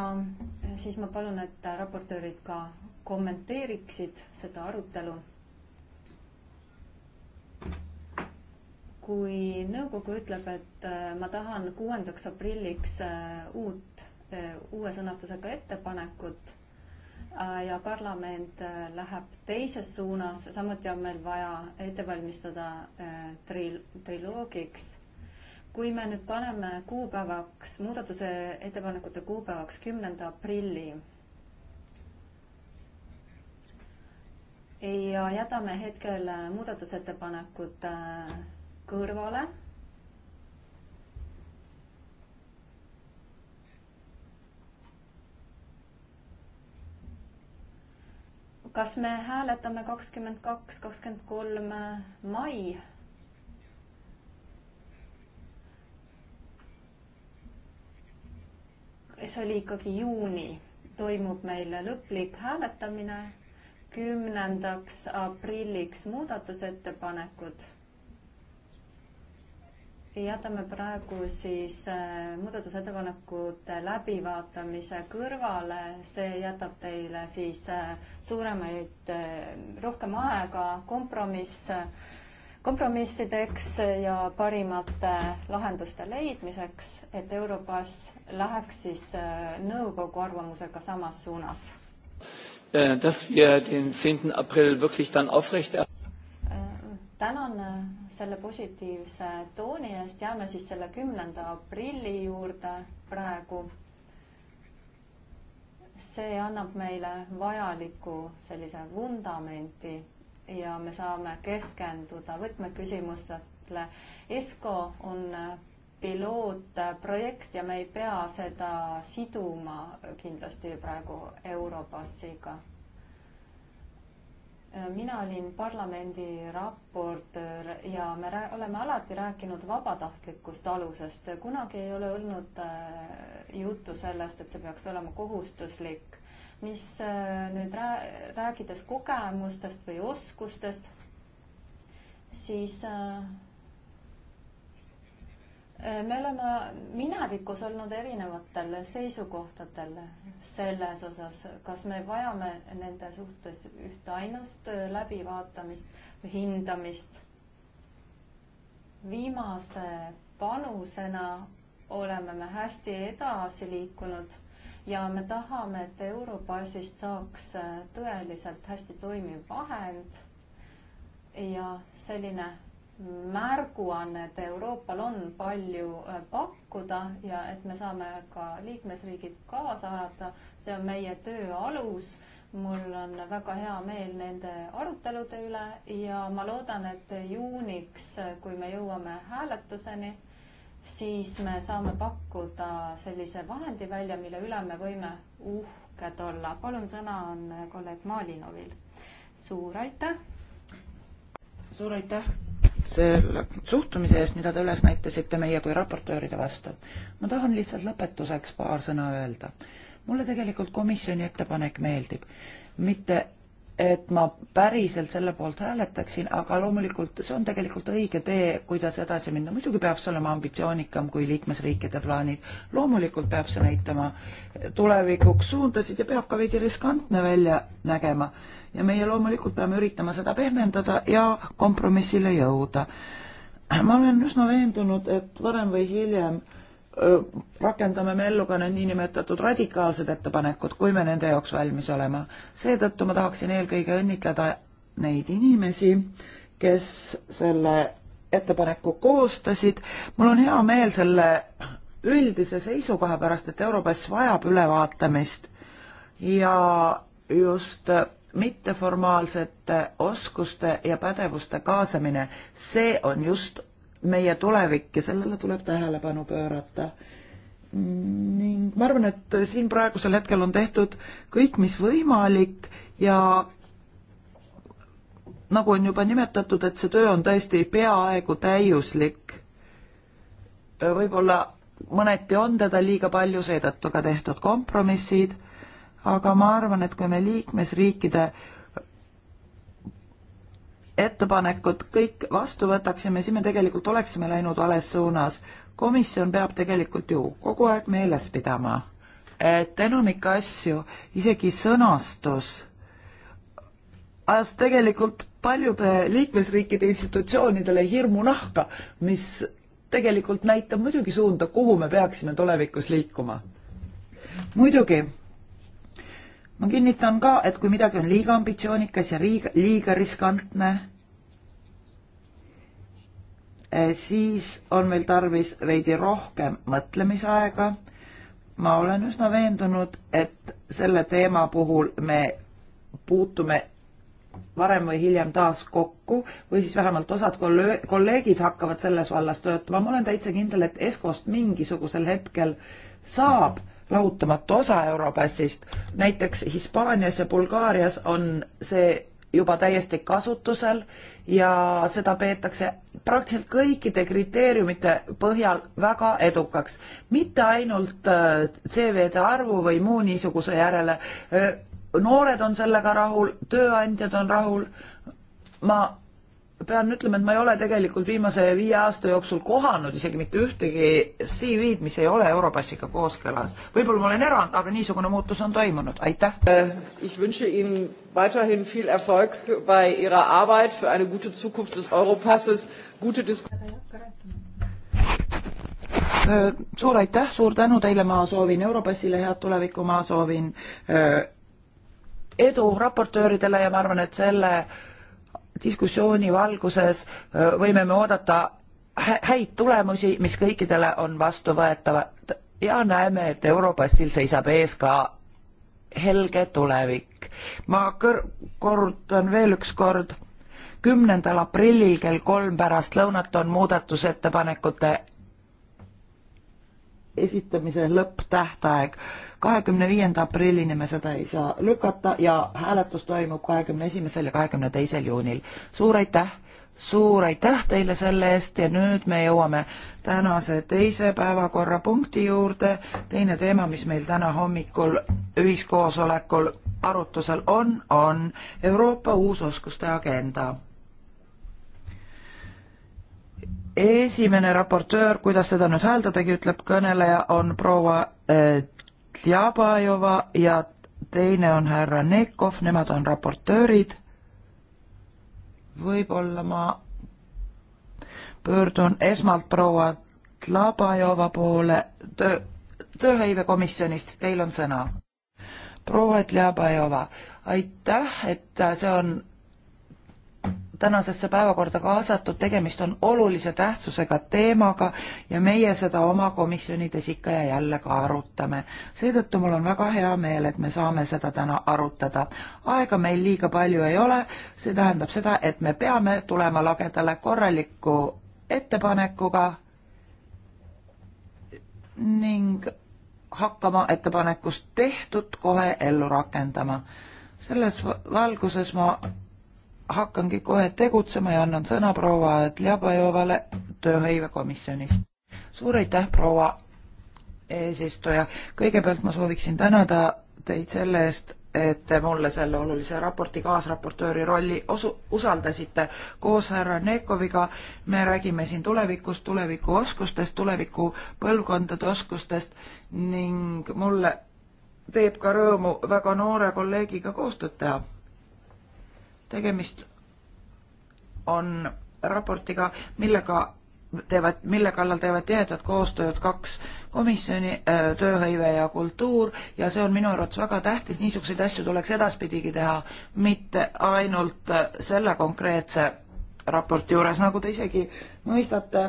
siis ma palun, et raportöörid ka kommenteeriksid seda arutelu kui nõukogu ütleb, et äh, ma tahan kuuendaks aprilliks äh, uut, äh, uue sõnastusega ettepanekut ja parlament läheb teises suunas, samuti on meil vaja ette valmistada tril-, triloogiks. kui me nüüd paneme kuupäevaks, muudatuse ettepanekute kuupäevaks kümnenda aprilli ja jätame hetkel muudatusettepanekud kõrvale. kas me hääletame kakskümmend kaks, kakskümmend kolm mai? see oli ikkagi juuni, toimub meil lõplik hääletamine kümnendaks aprilliks muudatusettepanekud jätame praegu siis äh, muudatusettepanekute läbivaatamise kõrvale, see jätab teile siis äh, suuremaid, äh, rohkem aega kompromiss, kompromissideks ja parimate lahenduste leidmiseks, et Europass läheks siis nõukogu arvamusega samas suunas. Dass wir den 10. April wirklich dann aufrecht tänan äh, selle positiivse tooni eest, jääme siis selle kümnenda aprilli juurde praegu. see annab meile vajaliku sellise vundamenti ja me saame keskenduda võtmeküsimustele. ESCO on äh, pilootprojekt ja me ei pea seda siduma kindlasti praegu Europassiga Äh, mina olin parlamendi raportöör ja me oleme alati rääkinud vabatahtlikust alusest, kunagi ei ole olnud äh, juttu sellest, et see peaks olema kohustuslik. mis äh, nüüd rää-, rääkides kogemustest või oskustest, siis äh, Äh, me oleme minevikus olnud erinevatel seisukohtadel selles osas, kas me vajame nende suhtes ühteainust äh, läbivaatamist või hindamist. viimase panusena oleme me hästi edasi liikunud ja me tahame, et Eurobaasist saaks äh, tõeliselt hästi toimiv vahend ja selline märguanne, et Euroopal on palju äh, pakkuda ja et me saame ka liikmesriigid kaasa haarata, see on meie töö alus. mul on väga hea meel nende arutelude üle ja ma loodan, et juuniks, äh, kui me jõuame hääletuseni, siis me saame pakkuda sellise vahendi välja, mille üle me võime uhked olla. palun, sõna on äh, kolleeg Malinovil. suur aitäh! suur aitäh! selle suhtumise eest, mida te üles näitasite meie kui raportööride vastu. ma tahan lihtsalt lõpetuseks paar sõna öelda. mulle tegelikult komisjoni ettepanek meeldib. mitte et ma päriselt selle poolt hääletaksin, aga loomulikult see on tegelikult õige tee, kuidas edasi minna. muidugi peab see olema ambitsioonikam kui liikmesriikide plaanid. loomulikult peab see näitama tulevikuks suundasid ja peab ka veidi riskantne välja nägema. ja meie loomulikult peame üritama seda pehmendada ja kompromissile jõuda. ma olen üsna veendunud, et varem või hiljem rakendame me ellu ka need niinimetatud radikaalsed ettepanekud, kui me nende jaoks valmis olema. seetõttu ma tahaksin eelkõige õnnitleda neid inimesi, kes selle ettepaneku koostasid. mul on hea meel selle üldise seisukoha pärast, et Europass vajab ülevaatamist ja just mitteformaalsete oskuste ja pädevuste kaasamine, see on just meie tulevik ja sellele tuleb tähelepanu pöörata. ning ma arvan, et siin praegusel hetkel on tehtud kõik, mis võimalik ja nagu on juba nimetatud, et see töö on tõesti peaaegu täiuslik. võib-olla mõneti on teda liiga palju, seetõttu ka tehtud kompromissid, aga ma arvan, et kui me liikmesriikide ettepanekud kõik vastu võtaksime, siis me tegelikult oleksime läinud vales suunas. komisjon peab tegelikult ju kogu aeg meeles pidama, et enamik asju, isegi sõnastus, ajas tegelikult paljude liikmesriikide institutsioonidele hirmu nahka, mis tegelikult näitab muidugi suunda, kuhu me peaksime tulevikus liikuma. muidugi ma kinnitan ka, et kui midagi on liiga ambitsioonikas ja liiga, liiga riskantne, eh, siis on meil tarvis veidi rohkem mõtlemisaega. ma olen üsna veendunud, et selle teema puhul me puutume varem või hiljem taas kokku või siis vähemalt osad kolleegid hakkavad selles vallas töötama. ma olen täitsa kindel, et ESCO-st mingisugusel hetkel saab mm -hmm lahutamatu osa Europassist. näiteks Hispaanias ja Bulgaarias on see juba täiesti kasutusel ja seda peetakse praktiliselt kõikide kriteeriumite põhjal väga edukaks. mitte ainult äh, CV-de arvu või muu niisuguse järele. Äh, noored on sellega rahul, tööandjad on rahul. ma pean ütlema, et ma ei ole tegelikult viimase viie aasta jooksul kohanud isegi mitte ühtegi CV-d, mis ei ole Europassiga kooskõlas. võib-olla ma olen erand, aga niisugune muutus on toimunud, aitäh. Äh, ich wünsche Ihnen weiterhin viel Erfolg bei Ihrer Arbeit für eine gute Zukunft des Europasses, gute Dis-. Äh, suur aitäh, suur tänu teile, ma soovin Europassile head tulevikku, ma soovin äh, edu raportööridele ja ma arvan, et selle diskussiooni valguses võime me oodata häid tulemusi, mis kõikidele on vastuvõetavad ja näeme, et Europastil seisab ees ka helge tulevik. ma kõr-, korrutan veel üks kord, kümnendal aprillil kell kolm pärast lõunat on muudatusettepanekute esitamise lõpptähtaeg kahekümne viienda aprillini me seda ei saa lükata ja hääletus toimub kahekümne esimesel ja kahekümne teisel juunil. suur aitäh, suur aitäh teile selle eest ja nüüd me jõuame tänase teise päevakorrapunkti juurde. teine teema, mis meil täna hommikul ühiskoosolekul arutusel on, on Euroopa uusoskuste agenda esimene raportöör, kuidas seda nüüd hääldadagi, ütleb kõneleja, on proua eh, Tljabajova ja teine on härra Nekov, nemad on raportöörid. võib-olla ma pöördun esmalt proua Tlabajova poole töö, tööhõivekomisjonist, teil on sõna. proua Tljabajova, aitäh, et see on tänasesse päevakorda kaasatud, tegemist on olulise tähtsusega teemaga ja meie seda oma komisjonides ikka ja jälle ka arutame. seetõttu mul on väga hea meel, et me saame seda täna arutada. aega meil liiga palju ei ole, see tähendab seda, et me peame tulema lagedale korraliku ettepanekuga ning hakkama ettepanekust tehtud kohe ellu rakendama. selles valguses ma hakkangi kohe tegutsema ja annan sõna proua Tljabajovale tööhõivekomisjonist. suur aitäh, proua eesistuja. kõigepealt ma sooviksin tänada teid selle eest, et te mulle selle olulise raporti kaasraportööri rolli osu-, usaldasite. koos härra Nekoviga me räägime siin tulevikust, tulevikuoskustest, tulevikupõlvkondade oskustest ning mulle teeb ka rõõmu väga noore kolleegiga koostööd teha tegemist on raportiga, millega teevad, mille kallal teevad tihedat koostööd kaks komisjoni, äh, tööhõive ja kultuur ja see on minu arvates väga tähtis, niisuguseid asju tuleks edaspidigi teha, mitte ainult äh, selle konkreetse raporti juures, nagu te isegi mõistate,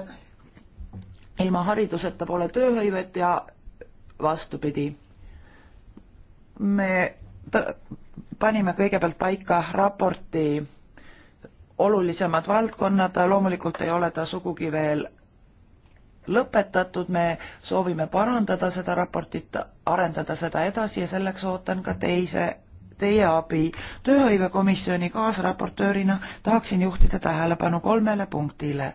ilma hariduseta pole tööhõivet ja vastupidi. me panime kõigepealt paika raporti olulisemad valdkonnad, loomulikult ei ole ta sugugi veel lõpetatud, me soovime parandada seda raportit, arendada seda edasi ja selleks ootan ka teise, teie abi. tööhõivekomisjoni kaasraportöörina tahaksin juhtida tähelepanu kolmele punktile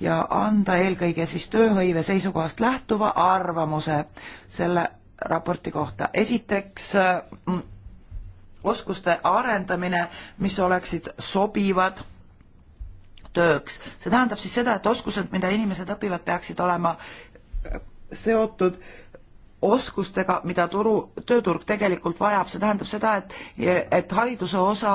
ja anda eelkõige siis tööhõive seisukohast lähtuva arvamuse selle raporti kohta. esiteks oskuste arendamine, mis oleksid sobivad tööks. see tähendab siis seda, et oskused, mida inimesed õpivad, peaksid olema seotud oskustega, mida turu, tööturg tegelikult vajab, see tähendab seda, et et hariduse osa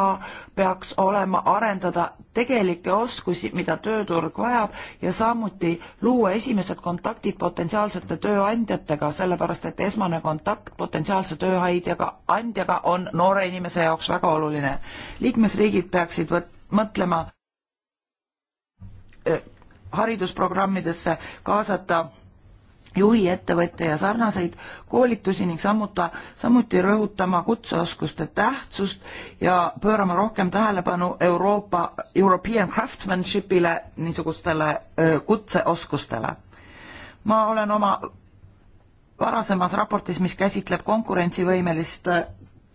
peaks olema arendada tegelikke oskusi, mida tööturg vajab ja samuti luua esimesed kontaktid potentsiaalsete tööandjatega, sellepärast et esmane kontakt potentsiaalse tööandjaga, andjaga on noore inimese jaoks väga oluline. liikmesriigid peaksid võt-, mõtlema eh, haridusprogrammidesse kaasata juhiettevõtja ja sarnaseid koolitusi ning sammuta, samuti rõhutama kutseoskuste tähtsust ja pöörama rohkem tähelepanu Euroopa, European craftsmanship'ile, niisugustele kutseoskustele. ma olen oma varasemas raportis, mis käsitleb konkurentsivõimelist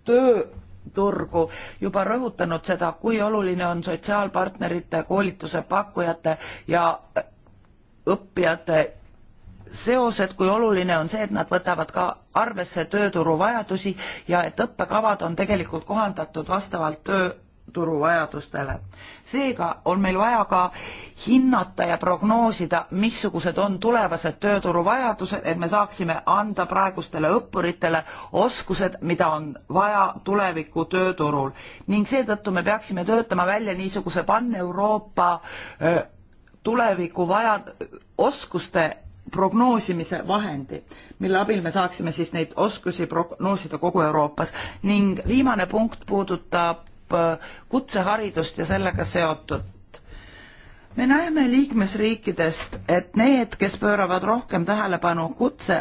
tööturgu, juba rõhutanud seda, kui oluline on sotsiaalpartnerite, koolituse pakkujate ja õppijate seosed, kui oluline on see, et nad võtavad ka arvesse tööturu vajadusi ja et õppekavad on tegelikult kohandatud vastavalt tööturu vajadustele. seega on meil vaja ka hinnata ja prognoosida, missugused on tulevased tööturu vajadused, et me saaksime anda praegustele õppuritele oskused, mida on vaja tuleviku tööturul. ning seetõttu me peaksime töötama välja niisuguse pan-Euroopa äh, tuleviku vaja-, oskuste prognoosimise vahendi, mille abil me saaksime siis neid oskusi prognoosida kogu Euroopas ning viimane punkt puudutab äh, kutseharidust ja sellega seotud me näeme liikmesriikidest, et need, kes pööravad rohkem tähelepanu kutse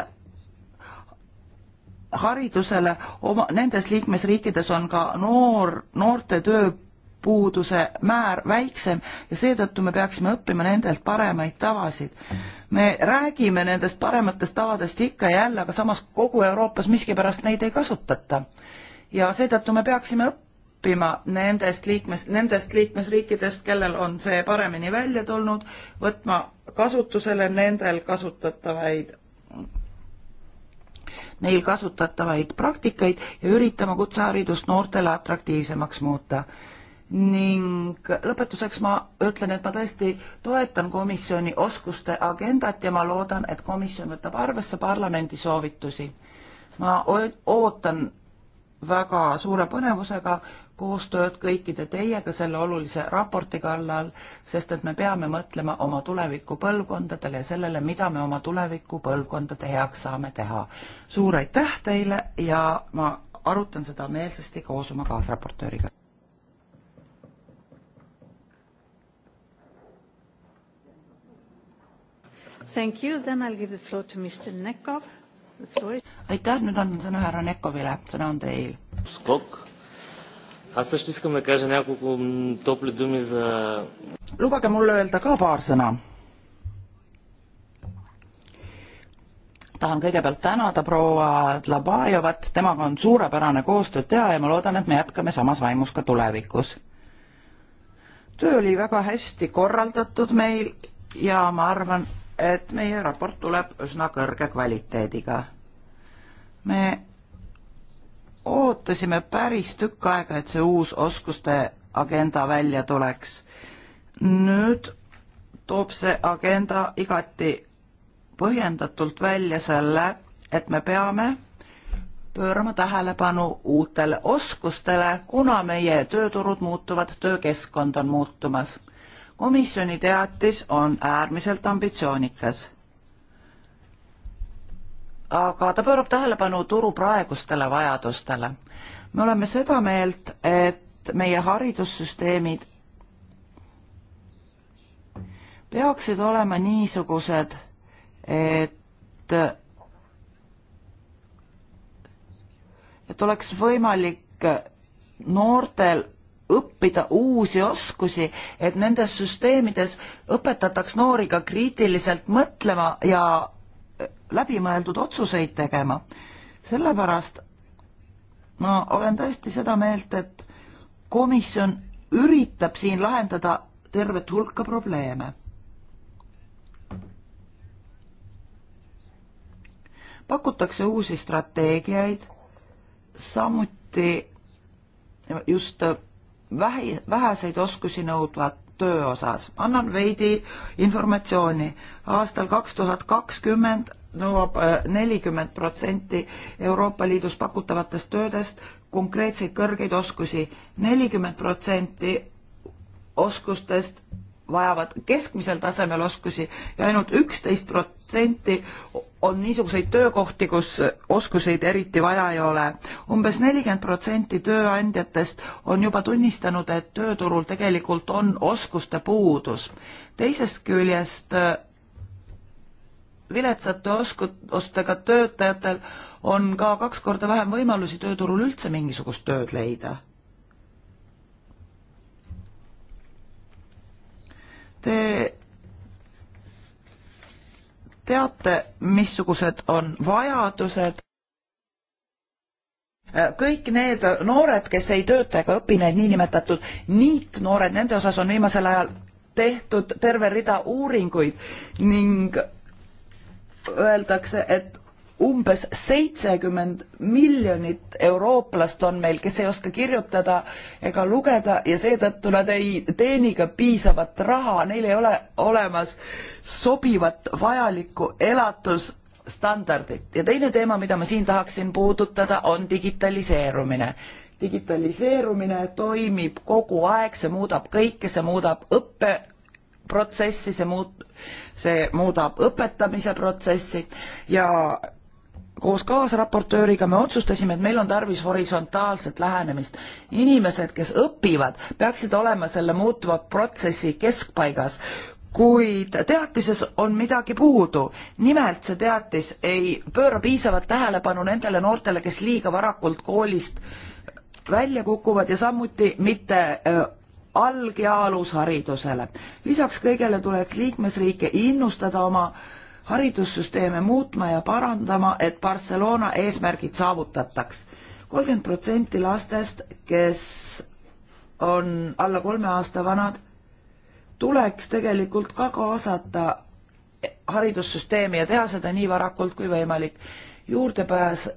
haridusele, oma, nendes liikmesriikides on ka noor, noorte töö puuduse määr väiksem ja seetõttu me peaksime õppima nendelt paremaid tavasid. me räägime nendest parematest tavadest ikka ja jälle, aga samas kogu Euroopas miskipärast neid ei kasutata. ja seetõttu me peaksime õppima nendest liikmes, nendest liikmesriikidest, kellel on see paremini välja tulnud, võtma kasutusele nendel kasutatavaid neil kasutatavaid praktikaid ja üritama kutseharidust noortele atraktiivsemaks muuta ning lõpetuseks ma ütlen, et ma tõesti toetan komisjoni oskuste agendat ja ma loodan, et komisjon võtab arvesse parlamendi soovitusi. ma ootan väga suure põnevusega koostööd kõikide teiega selle olulise raporti kallal, sest et me peame mõtlema oma tuleviku põlvkondadele ja sellele, mida me oma tuleviku põlvkondade heaks saame teha. suur aitäh teile ja ma arutan seda meelsasti koos oma kaasraportööriga. Thank you. Then I'll give the floor to Mr. Nekov. The floor is... Aitäh, nüüd annan sõna härra Nekovile. Sõna on teil. Skok. Аз също искам да кажа няколко топли думи за... Лубаге муле öelda ka paar sõna. tahan kõigepealt tänada proua Dlabajevat, temaga on suurepärane koostööd teha ja ma loodan, et me jätkame samas vaimus ka tulevikus. töö oli väga hästi korraldatud meil ja ma arvan, et meie raport tuleb üsna kõrge kvaliteediga. me ootasime päris tükk aega, et see uus oskuste agenda välja tuleks. nüüd toob see agenda igati põhjendatult välja selle, et me peame pöörama tähelepanu uutele oskustele, kuna meie tööturud muutuvad, töökeskkond on muutumas komisjoni teatis on äärmiselt ambitsioonikas. aga ta pöörab tähelepanu turu praegustele vajadustele. me oleme seda meelt, et meie haridussüsteemid peaksid olema niisugused, et et oleks võimalik noortel õppida uusi oskusi, et nendes süsteemides õpetataks noori ka kriitiliselt mõtlema ja äh, läbimõeldud otsuseid tegema. sellepärast ma olen tõesti seda meelt, et komisjon üritab siin lahendada tervet hulka probleeme. pakutakse uusi strateegiaid, samuti just äh, vähi, väheseid oskusi nõudvat töö osas. annan veidi informatsiooni. aastal kaks tuhat kakskümmend nõuab äh, nelikümmend protsenti Euroopa Liidus pakutavatest töödest konkreetseid kõrgeid oskusi. nelikümmend protsenti oskustest vajavad keskmisel tasemel oskusi ja ainult üksteist protsenti on niisuguseid töökohti, kus oskuseid eriti vaja ei ole umbes. umbes nelikümmend protsenti tööandjatest on juba tunnistanud, et tööturul tegelikult on oskuste puudus. teisest küljest viletsate oskustega töötajatel on ka kaks korda vähem võimalusi tööturul üldse mingisugust tööd leida Te teate, missugused on vajadused. kõik need noored, kes ei tööta ega õpi, need niinimetatud niitnoored, nende osas on viimasel ajal tehtud terve rida uuringuid ning öeldakse, et umbes seitsekümmend miljonit eurooplast on meil, kes ei oska kirjutada ega lugeda ja seetõttu nad ei teeni ka piisavat raha, neil ei ole olemas sobivat vajalikku elatusstandardit. ja teine teema, mida ma siin tahaksin puudutada, on digitaliseerumine. digitaliseerumine toimib kogu aeg, see muudab kõike, see muudab õppe protsessi, see muut-, see muudab õpetamise protsessi ja koos kaasraportööriga me otsustasime, et meil on tarvis horisontaalset lähenemist. inimesed, kes õpivad, peaksid olema selle muutuva protsessi keskpaigas, kuid teatises on midagi puudu. nimelt see teatis ei pööra piisavat tähelepanu nendele noortele, kes liiga varakult koolist välja kukuvad ja samuti mitte äh, alg- ja alusharidusele. lisaks kõigele tuleks liikmesriike innustada oma äh, haridussüsteeme muutma ja parandama, et Barcelona eesmärgid saavutataks. kolmkümmend protsenti lastest, kes on alla kolme aasta vanad, tuleks tegelikult ka kaasata haridussüsteemi ja teha seda nii varakult kui võimalik. juurdepääs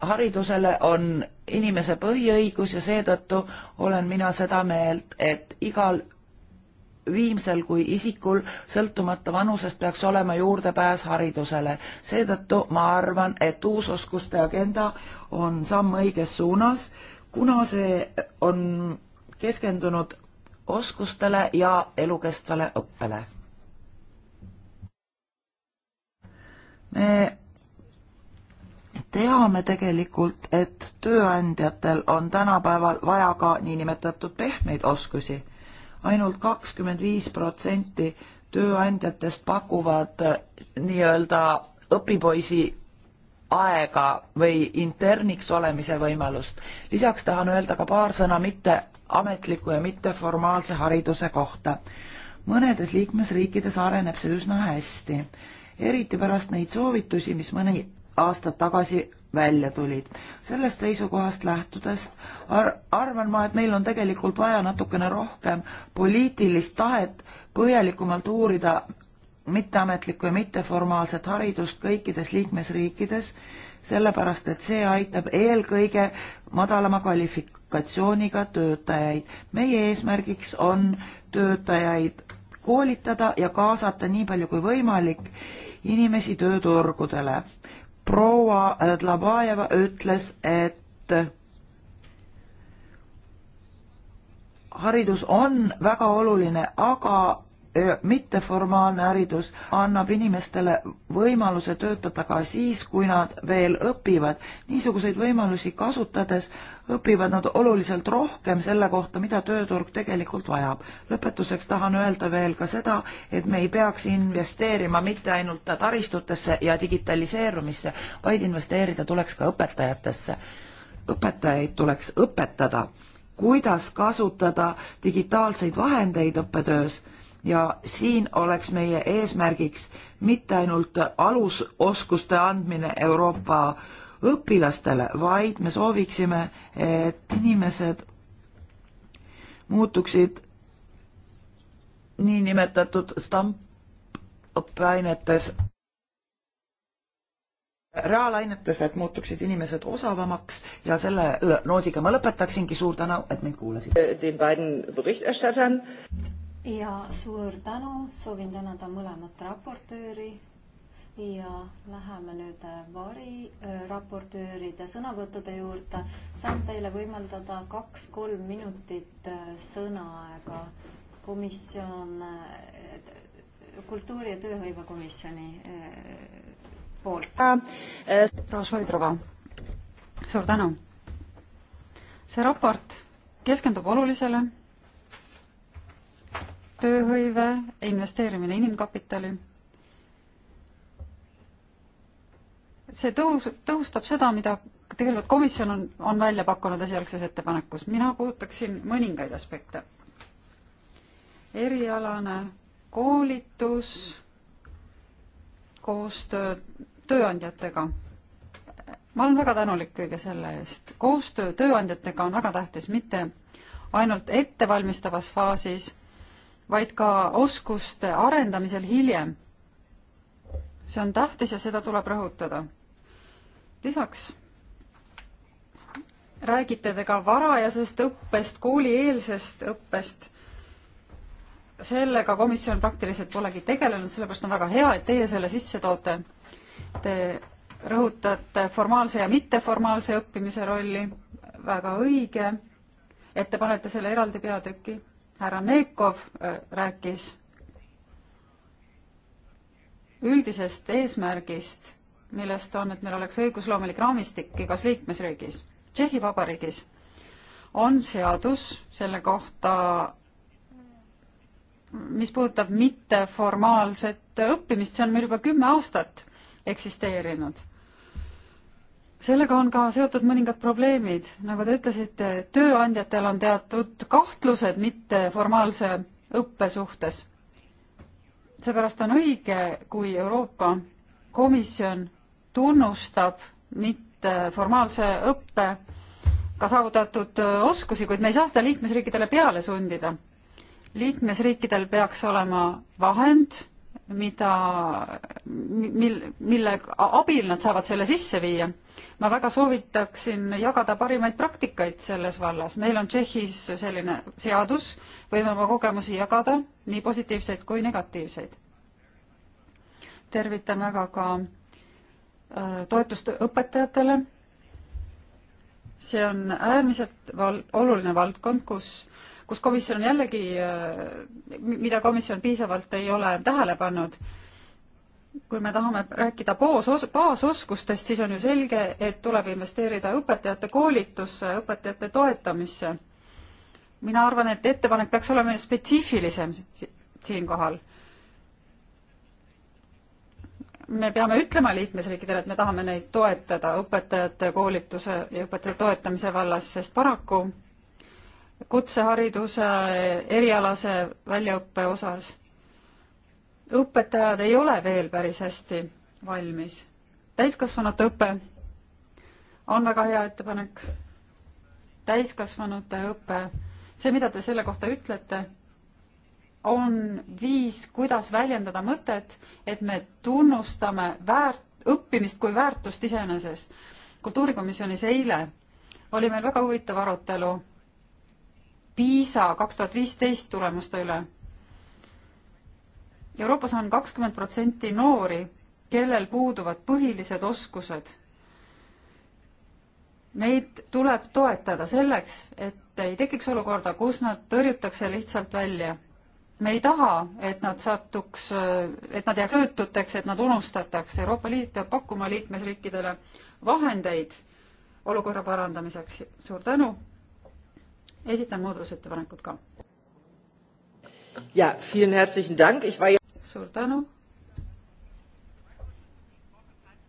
haridusele on inimese põhiõigus ja seetõttu olen mina seda meelt, et igal viimsel kui isikul sõltumata vanusest peaks olema juurdepääs haridusele. seetõttu ma arvan, et uusoskuste agenda on samm õiges suunas, kuna see on keskendunud oskustele ja elukestvale õppele. me teame tegelikult, et tööandjatel on tänapäeval vaja ka niinimetatud pehmeid oskusi ainult kakskümmend viis protsenti tööandjatest pakuvad äh, nii-öelda õpipoisi aega või interniks olemise võimalust. lisaks tahan öelda ka paar sõna mitteametliku ja mitteformaalse hariduse kohta. mõnedes liikmesriikides areneb see üsna hästi, eriti pärast neid soovitusi, mis mõni aastat tagasi välja tulid. sellest seisukohast lähtudes ar arvan ma, et meil on tegelikult vaja natukene rohkem poliitilist tahet põhjalikumalt uurida mitteametlikku ja mitteformaalset haridust kõikides liikmesriikides, sellepärast et see aitab eelkõige madalama kvalifikatsiooniga töötajaid. meie eesmärgiks on töötajaid koolitada ja kaasata nii palju kui võimalik inimesi tööturgudele proua äh, Dlabajeva ütles, et haridus on väga oluline, aga mitteformaalne haridus annab inimestele võimaluse töötada ka siis, kui nad veel õpivad. niisuguseid võimalusi kasutades õpivad nad oluliselt rohkem selle kohta, mida tööturg tegelikult vajab. lõpetuseks tahan öelda veel ka seda, et me ei peaks investeerima mitte ainult taristutesse ja digitaliseerumisse, vaid investeerida tuleks ka õpetajatesse. õpetajaid tuleks õpetada, kuidas kasutada digitaalseid vahendeid õppetöös ja siin oleks meie eesmärgiks mitte ainult alusoskuste andmine Euroopa õpilastele, vaid me sooviksime, et inimesed muutuksid niinimetatud stampõppeainetes reaalainetes, et muutuksid inimesed osavamaks ja selle noodiga ma lõpetaksingi, suur tänu, et mind kuulasite ja suur tänu, soovin tänada mõlemat raportööri ja läheme nüüd äh, Vari äh, raportööride sõnavõttude juurde. saan teile võimaldada kaks-kolm minutit äh, sõnaaega. komisjon, kultuuri- ja tööhõivekomisjoni poolt. proua Šoidrova, suur tänu. see raport keskendub olulisele tööhõive, investeerimine inimkapitali. see tõus, tõhustab seda, mida tegelikult komisjon on, on välja pakkunud esialgses ettepanekus. mina puudutaksin mõningaid aspekte. erialane koolitus, koostöö tööandjatega. ma olen väga tänulik kõige selle eest. koostöö tööandjatega on väga tähtis, mitte ainult ettevalmistavas faasis vaid ka oskuste arendamisel hiljem. see on tähtis ja seda tuleb rõhutada. lisaks räägite te ka varajasest õppest, koolieelsest õppest. sellega komisjon praktiliselt polegi tegelenud, sellepärast on väga hea, et teie selle sisse toote. Te rõhutate formaalse ja mitteformaalse õppimise rolli, väga õige, et te panete selle eraldi peatüki härra Neekov äh, rääkis üldisest eesmärgist, millest on, et meil oleks õigusloomulik raamistik igas liikmesriigis. Tšehhi Vabariigis on seadus selle kohta, mis puudutab mitteformaalset õppimist, see on meil juba kümme aastat eksisteerinud sellega on ka seotud mõningad probleemid, nagu te ütlesite, tööandjatel on teatud kahtlused mitteformaalse õppe suhtes. seepärast on õige, kui Euroopa Komisjon tunnustab mitteformaalse õppe ka saavutatud oskusi, kuid me ei saa seda liikmesriikidele peale sundida. liikmesriikidel peaks olema vahend mida, mil, mille abil nad saavad selle sisse viia. ma väga soovitaksin jagada parimaid praktikaid selles vallas. meil on Tšehhis selline seadus, võime oma kogemusi jagada, nii positiivseid kui negatiivseid. tervitan väga ka äh, toetust õpetajatele. see on äärmiselt val-, oluline valdkond, kus kus komisjon on jällegi, äh, mida komisjon piisavalt ei ole tähele pannud. kui me tahame rääkida baas-, baasoskustest, siis on ju selge, et tuleb investeerida õpetajate koolitusse, õpetajate toetamisse. mina arvan, et ettepanek peaks olema spetsiifilisem siinkohal me peame ütlema liikmesriikidele, et me tahame neid toetada õpetajate koolituse ja õpetajate toetamise vallas, sest paraku kutsehariduse erialase väljaõppe osas. õpetajad ei ole veel päris hästi valmis. täiskasvanute õpe on väga hea ettepanek. täiskasvanute õpe, see, mida te selle kohta ütlete, on viis, kuidas väljendada mõtet, et me tunnustame väärt, õppimist kui väärtust iseeneses. kultuurikomisjonis eile oli meil väga huvitav arutelu PISA kaks tuhat viisteist tulemuste üle. Euroopas on kakskümmend protsenti noori, kellel puuduvad põhilised oskused. Neid tuleb toetada selleks, et ei tekiks olukorda, kus nad tõrjutakse lihtsalt välja. me ei taha, et nad satuks, et nad jääks töötuteks, et nad unustatakse. Euroopa Liit peab pakkuma liikmesriikidele vahendeid olukorra parandamiseks. suur tänu! esitan muudatusettepanekud ka. ja, ja... suur tänu.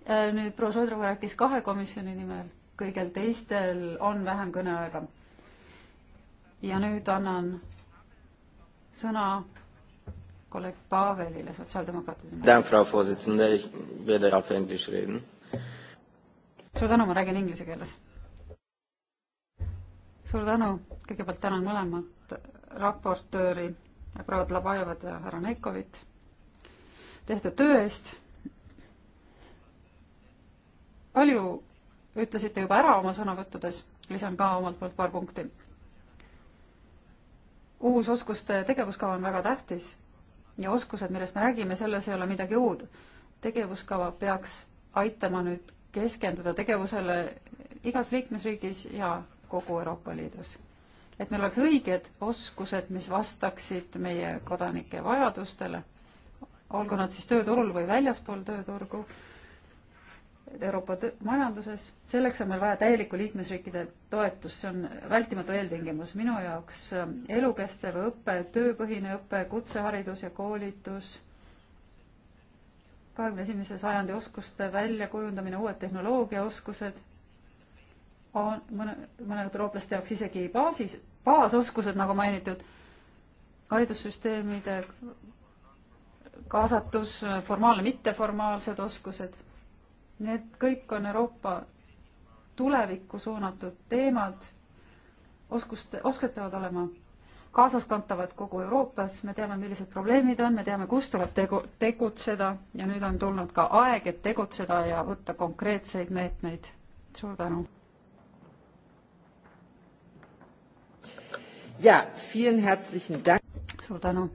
Äh, nüüd proua Šodrova rääkis kahe komisjoni nimel, kõigil teistel on vähem kõneaega. ja nüüd annan sõna kolleeg Pavelile sotsiaaldemokraatide nimel. suur tänu, ma räägin inglise keeles suur tänu, kõigepealt tänan mõlemat raportööri, proua Tlabajevat ja härra Neikovit tehtud töö eest. palju ütlesite juba ära oma sõnavõttudes, lisan ka omalt poolt paar punkti. uus oskuste tegevuskava on väga tähtis ja oskused, millest me räägime, selles ei ole midagi uut. tegevuskava peaks aitama nüüd keskenduda tegevusele igas liikmesriigis ja kogu Euroopa Liidus. et meil oleks õiged oskused, mis vastaksid meie kodanike vajadustele, olgu nad siis tööturul või väljaspool tööturgu, Euroopa tõ-, majanduses, selleks on meil vaja täielikku liikmesriikide toetust, see on vältimatu eeltingimus minu jaoks, ähm, elukestev õpe, tööpõhine õpe, kutseharidus ja koolitus, kahekümne esimese sajandi oskuste väljakujundamine, uued tehnoloogiaoskused on mõne, mõne eurooplaste jaoks isegi baasis, baasoskused, nagu mainitud, haridussüsteemide kaasatus, formaalne, mitteformaalsed oskused. Need kõik on Euroopa tulevikku suunatud teemad, oskuste, oskused peavad olema kaasaskantavad kogu Euroopas, me teame, millised probleemid on, me teame, kus tuleb tegu, tegutseda ja nüüd on tulnud ka aeg, et tegutseda ja võtta konkreetseid meetmeid. suur tänu! ja, vielen herzlichen Dank. suur tänu.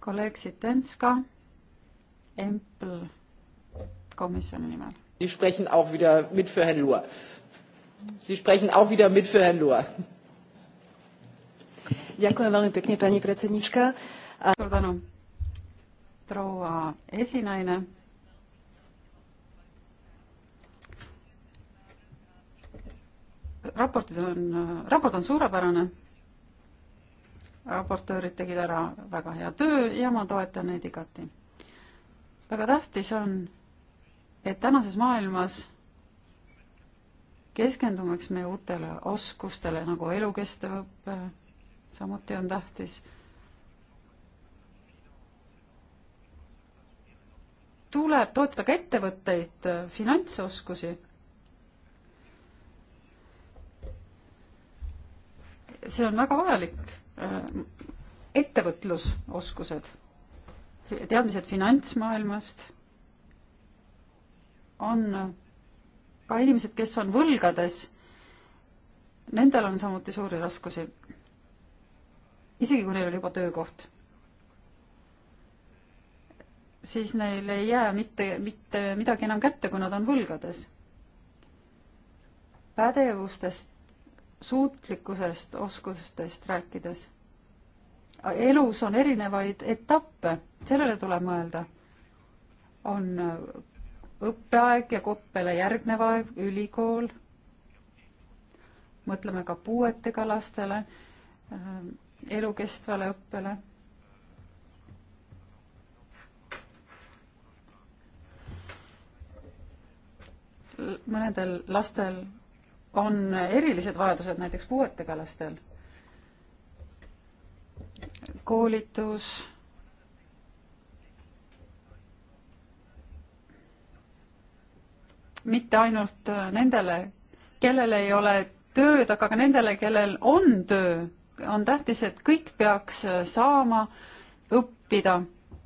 kolleeg Sitenska, Empl komisjoni nimel. Sie sprechen auch wieder mit für Herrn Luhr. Sie sprechen auch wieder mit für Herrn Luhr. Ďakujem veľmi pekne, pani predsednička. Suur tänu, proua esinaine raportid on, raport on suurepärane. raportöörid tegid ära väga hea töö ja ma toetan neid igati. väga tähtis on, et tänases maailmas keskendumeks me uutele oskustele nagu elukestev õpe, samuti on tähtis tuleb toetada ka ettevõtteid finantsoskusi see on väga vajalik. Äh, ettevõtlusoskused, teadmised finantsmaailmast on äh, ka inimesed, kes on võlgades, nendel on samuti suuri raskusi. isegi kui neil oli juba töökoht, siis neil ei jää mitte, mitte midagi enam kätte, kui nad on võlgades. pädevustest suutlikkusest, oskustest rääkides. elus on erinevaid etappe, sellele tuleb mõelda. on õppeaeg ja koppele järgnev aeg, ülikool, mõtleme ka puuetega lastele, elukestvale õppele. mõnedel lastel on erilised vajadused näiteks puuetega lastel. koolitus. mitte ainult nendele, kellel ei ole tööd, aga ka nendele, kellel on töö, on tähtis, et kõik peaks saama õppida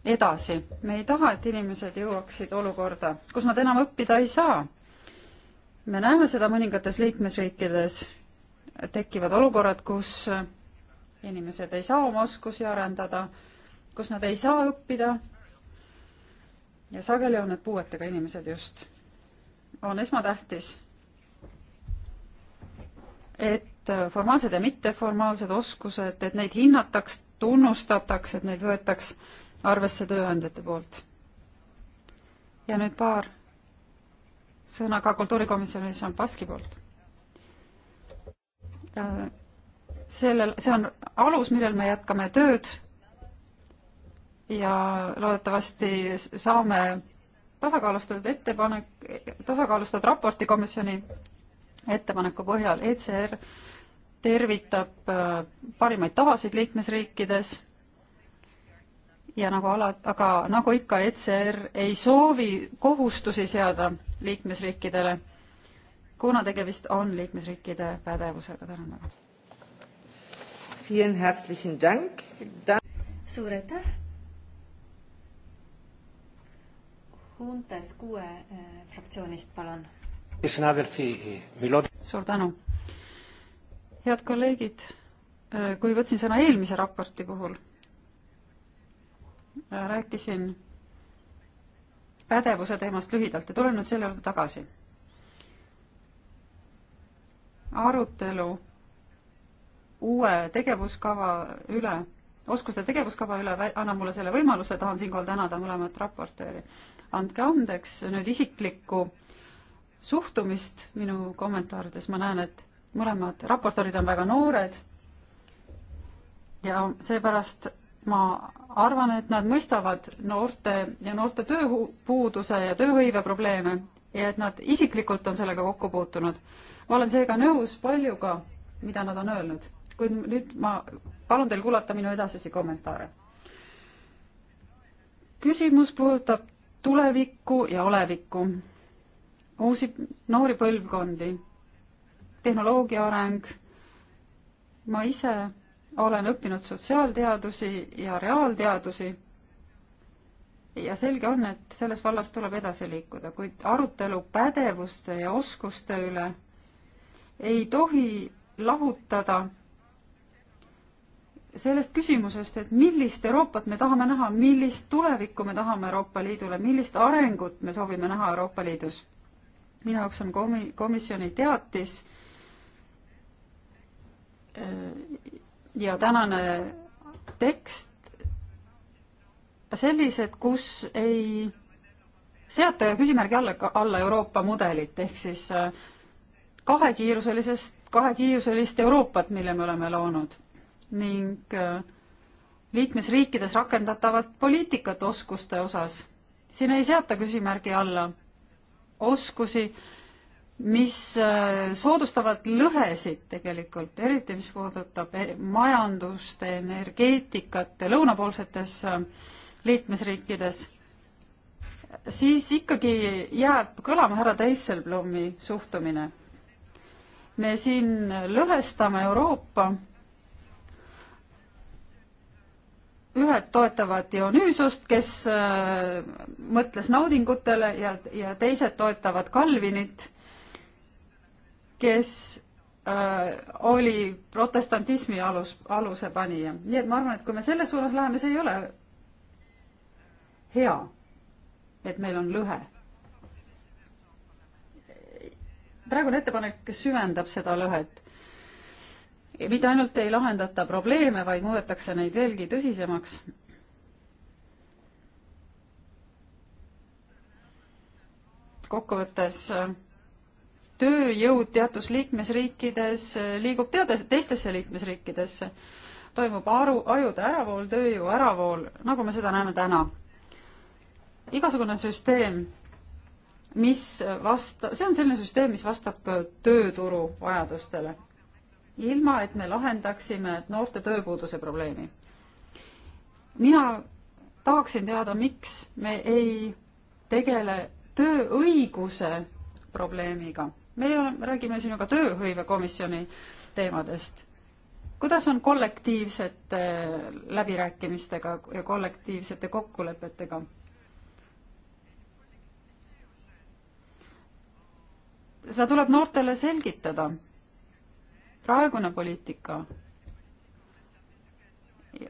edasi. me ei taha, et inimesed jõuaksid olukorda, kus nad enam õppida ei saa me näeme seda mõningates liikmesriikides, tekivad olukorrad, kus inimesed ei saa oma oskusi arendada, kus nad ei saa õppida ja sageli on need puuetega inimesed just, on esmatähtis, et formaalsed ja mitteformaalsed oskused, et neid hinnataks, tunnustataks, et neid võetaks arvesse tööandjate poolt. ja nüüd paar sõna ka kultuurikomisjoni Šampaski poolt. Äh, sellel, see on alus, millel me jätkame tööd ja loodetavasti saame tasakaalustatud ettepanek, tasakaalustatud raporti komisjoni ettepaneku põhjal. ECR tervitab äh, parimaid tavasid liikmesriikides ja nagu ala, aga nagu ikka, ECR ei soovi kohustusi seada liikmesriikidele, kuna tegemist on liikmesriikide pädevusega. tänan väga. suur aitäh. Huntes kuue äh, fraktsioonist, palun. suur tänu. head kolleegid, eh, kui võtsin sõna eelmise raporti puhul Äh, rääkisin pädevuse teemast lühidalt ja tulen nüüd selle juurde tagasi. arutelu uue tegevuskava üle, oskuste tegevuskava üle annab mulle selle võimaluse, tahan siinkohal tänada mõlemat raportööri. andke andeks nüüd isiklikku suhtumist minu kommentaarides, ma näen, et mõlemad raportöörid on väga noored ja seepärast ma arvan, et nad mõistavad noorte ja noorte tööpuuduse ja tööhõive probleeme ja et nad isiklikult on sellega kokku puutunud. ma olen seega nõus paljuga, mida nad on öelnud, kuid nüüd ma palun teil kuulata minu edasisi kommentaare. küsimus puudutab tulevikku ja olevikku, uusi noori põlvkondi, tehnoloogia areng, ma ise olen õppinud sotsiaalteadusi ja reaalteadusi ja selge on, et selles vallas tuleb edasi liikuda, kuid arutelu pädevuste ja oskuste üle ei tohi lahutada sellest küsimusest, et millist Euroopat me tahame näha, millist tulevikku me tahame Euroopa Liidule, millist arengut me soovime näha Euroopa Liidus. minu jaoks on komi-, komisjoni teatis ja tänane tekst sellised, kus ei seata küsimärgi alla, alla Euroopa mudelit, ehk siis äh, kahekiiruselisest, kahekiiruselist Euroopat, mille me oleme loonud ning äh, liikmesriikides rakendatavat poliitikat oskuste osas. siin ei seata küsimärgi alla oskusi, mis äh, soodustavad lõhesid tegelikult, eriti mis puudutab e-, majandust, energeetikat lõunapoolsetes äh, liikmesriikides, siis ikkagi jääb kõlama härra Teisselblumi suhtumine. me siin lõhestame Euroopa, ühed toetavad Dionüüsust, kes äh, mõtles naudingutele ja, ja teised toetavad Kalvinit kes äh, oli protestantismi alus, aluse panija. nii et ma arvan, et kui me selles suunas läheme, see ei ole hea, et meil on lõhe. praegune ettepanek süvendab seda lõhet. mitte ainult ei lahendata probleeme, vaid muudetakse neid veelgi tõsisemaks. kokkuvõttes äh, tööjõud teatud liikmesriikides eh, liigub teades, teistesse liikmesriikidesse. toimub aru, ajude äravool, tööjõu äravool, nagu me seda näeme täna. igasugune süsteem, mis vastab, see on selline süsteem, mis vastab eh, tööturu vajadustele, ilma et me lahendaksime noorte tööpuuduse probleemi. mina tahaksin teada, miks me ei tegele tööõiguse probleemiga meie oleme, räägime sinuga tööhõivekomisjoni teemadest. kuidas on kollektiivsete äh, läbirääkimistega ja kollektiivsete kokkulepetega? seda tuleb noortele selgitada. praegune poliitika,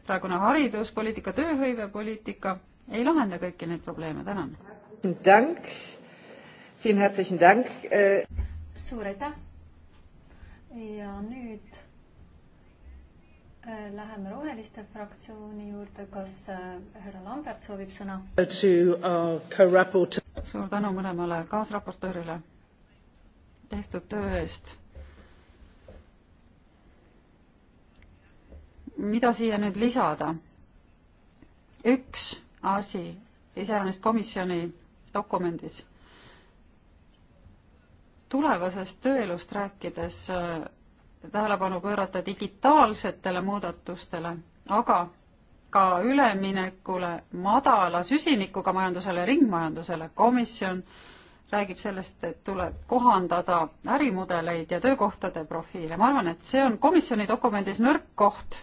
praegune hariduspoliitika, tööhõivepoliitika ei lahenda kõiki neid probleeme, tänan. Dank, vielen herzlichen Dank äh suur aitäh. ja nüüd äh, läheme Roheliste fraktsiooni juurde, kas äh, härra Lambert soovib sõna? suur tänu mõlemale kaasraportöörile tehtud töö eest. mida siia nüüd lisada? üks asi iseäranis komisjoni dokumendis tulevasest tööelust rääkides äh, tähelepanu pöörata digitaalsetele muudatustele, aga ka üleminekule madala süsinikuga majandusele, ringmajandusele. komisjon räägib sellest, et tuleb kohandada ärimudeleid ja töökohtade profiile. ma arvan, et see on komisjoni dokumendis nõrk koht